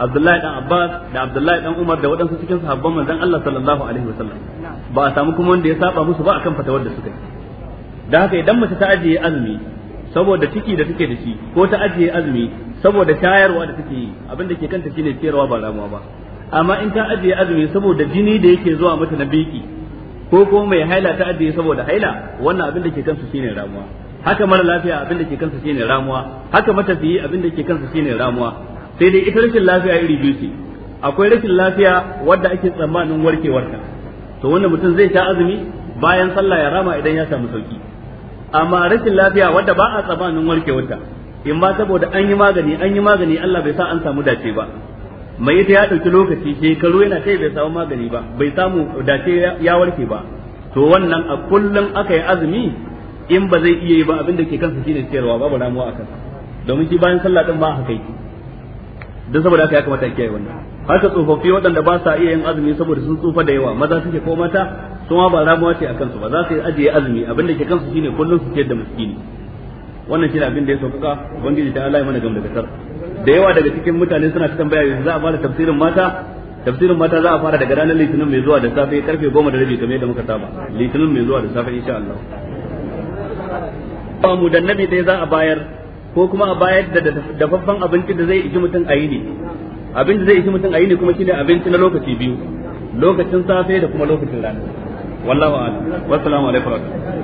Abdullahi dan Abbas da Abdullahi dan Umar da waɗansu cikin sahabban manzon Allah sallallahu alaihi wasallam ba a samu kuma wanda ya saba musu ba akan fatawar da suka yi Da haka idan mace ta ajiye azumi saboda ciki da take da shi ko ta ajiye azumi saboda shayarwa da take yi abin da ke kanta shine ciyarwa ba ramuwa ba amma in ta ajiye azumi saboda jini da yake zuwa mata na biki ko kuma mai haila ta ajiye saboda haila wannan abin da ke kansa shine ramuwa haka mara lafiya abin da ke kansa shine ramuwa haka matafiyi abin da ke kansa shine ramuwa sai dai ita rashin lafiya iri biyu ce akwai rashin lafiya wadda ake tsammanin warkewarta to wannan mutum zai sha azumi bayan sallah ya rama idan ya samu sauki amma rashin lafiya wadda ba a warke warkewarta in ba saboda an yi magani an yi magani Allah bai sa an samu dace ba mai ita ya ɗauki lokaci shekaru yana kai bai samu magani ba bai samu dace ya warke ba to wannan a kullum aka yi azumi in ba zai iya yi ba abin da ke kansa shine ciyarwa babu ramuwa a kansa domin shi bayan sallah din ba haka kai. dan saboda haka ya kamata a kiyaye wannan haka tsofaffi waɗanda ba sa iya yin azumi saboda sun tsufa da yawa maza suke ko mata su ma ba ramuwa ce a kansu ba za su yi ajiye azumi abin da ke kansu shine kullum su ciyar da miskini wannan shine abin da ya sauka ubangiji ta Allah ya mana gamda kasar da yawa daga cikin mutane suna ta tambaya yanzu za a fara tafsirin mata tafsirin mata za a fara daga ranar litinin mai zuwa da safe karfe goma da rabi kamar yadda muka saba litinin mai zuwa da safe insha Allah ba mu dan nabi dai za a bayar ko kuma a bayar da dafaffen abinci da zai yi mutum a yi ne abin da zai ishi mutum a yi ne kuma shine abinci na lokaci biyu lokacin safe da kuma lokacin rana wallahu a'lam wassalamu alaikum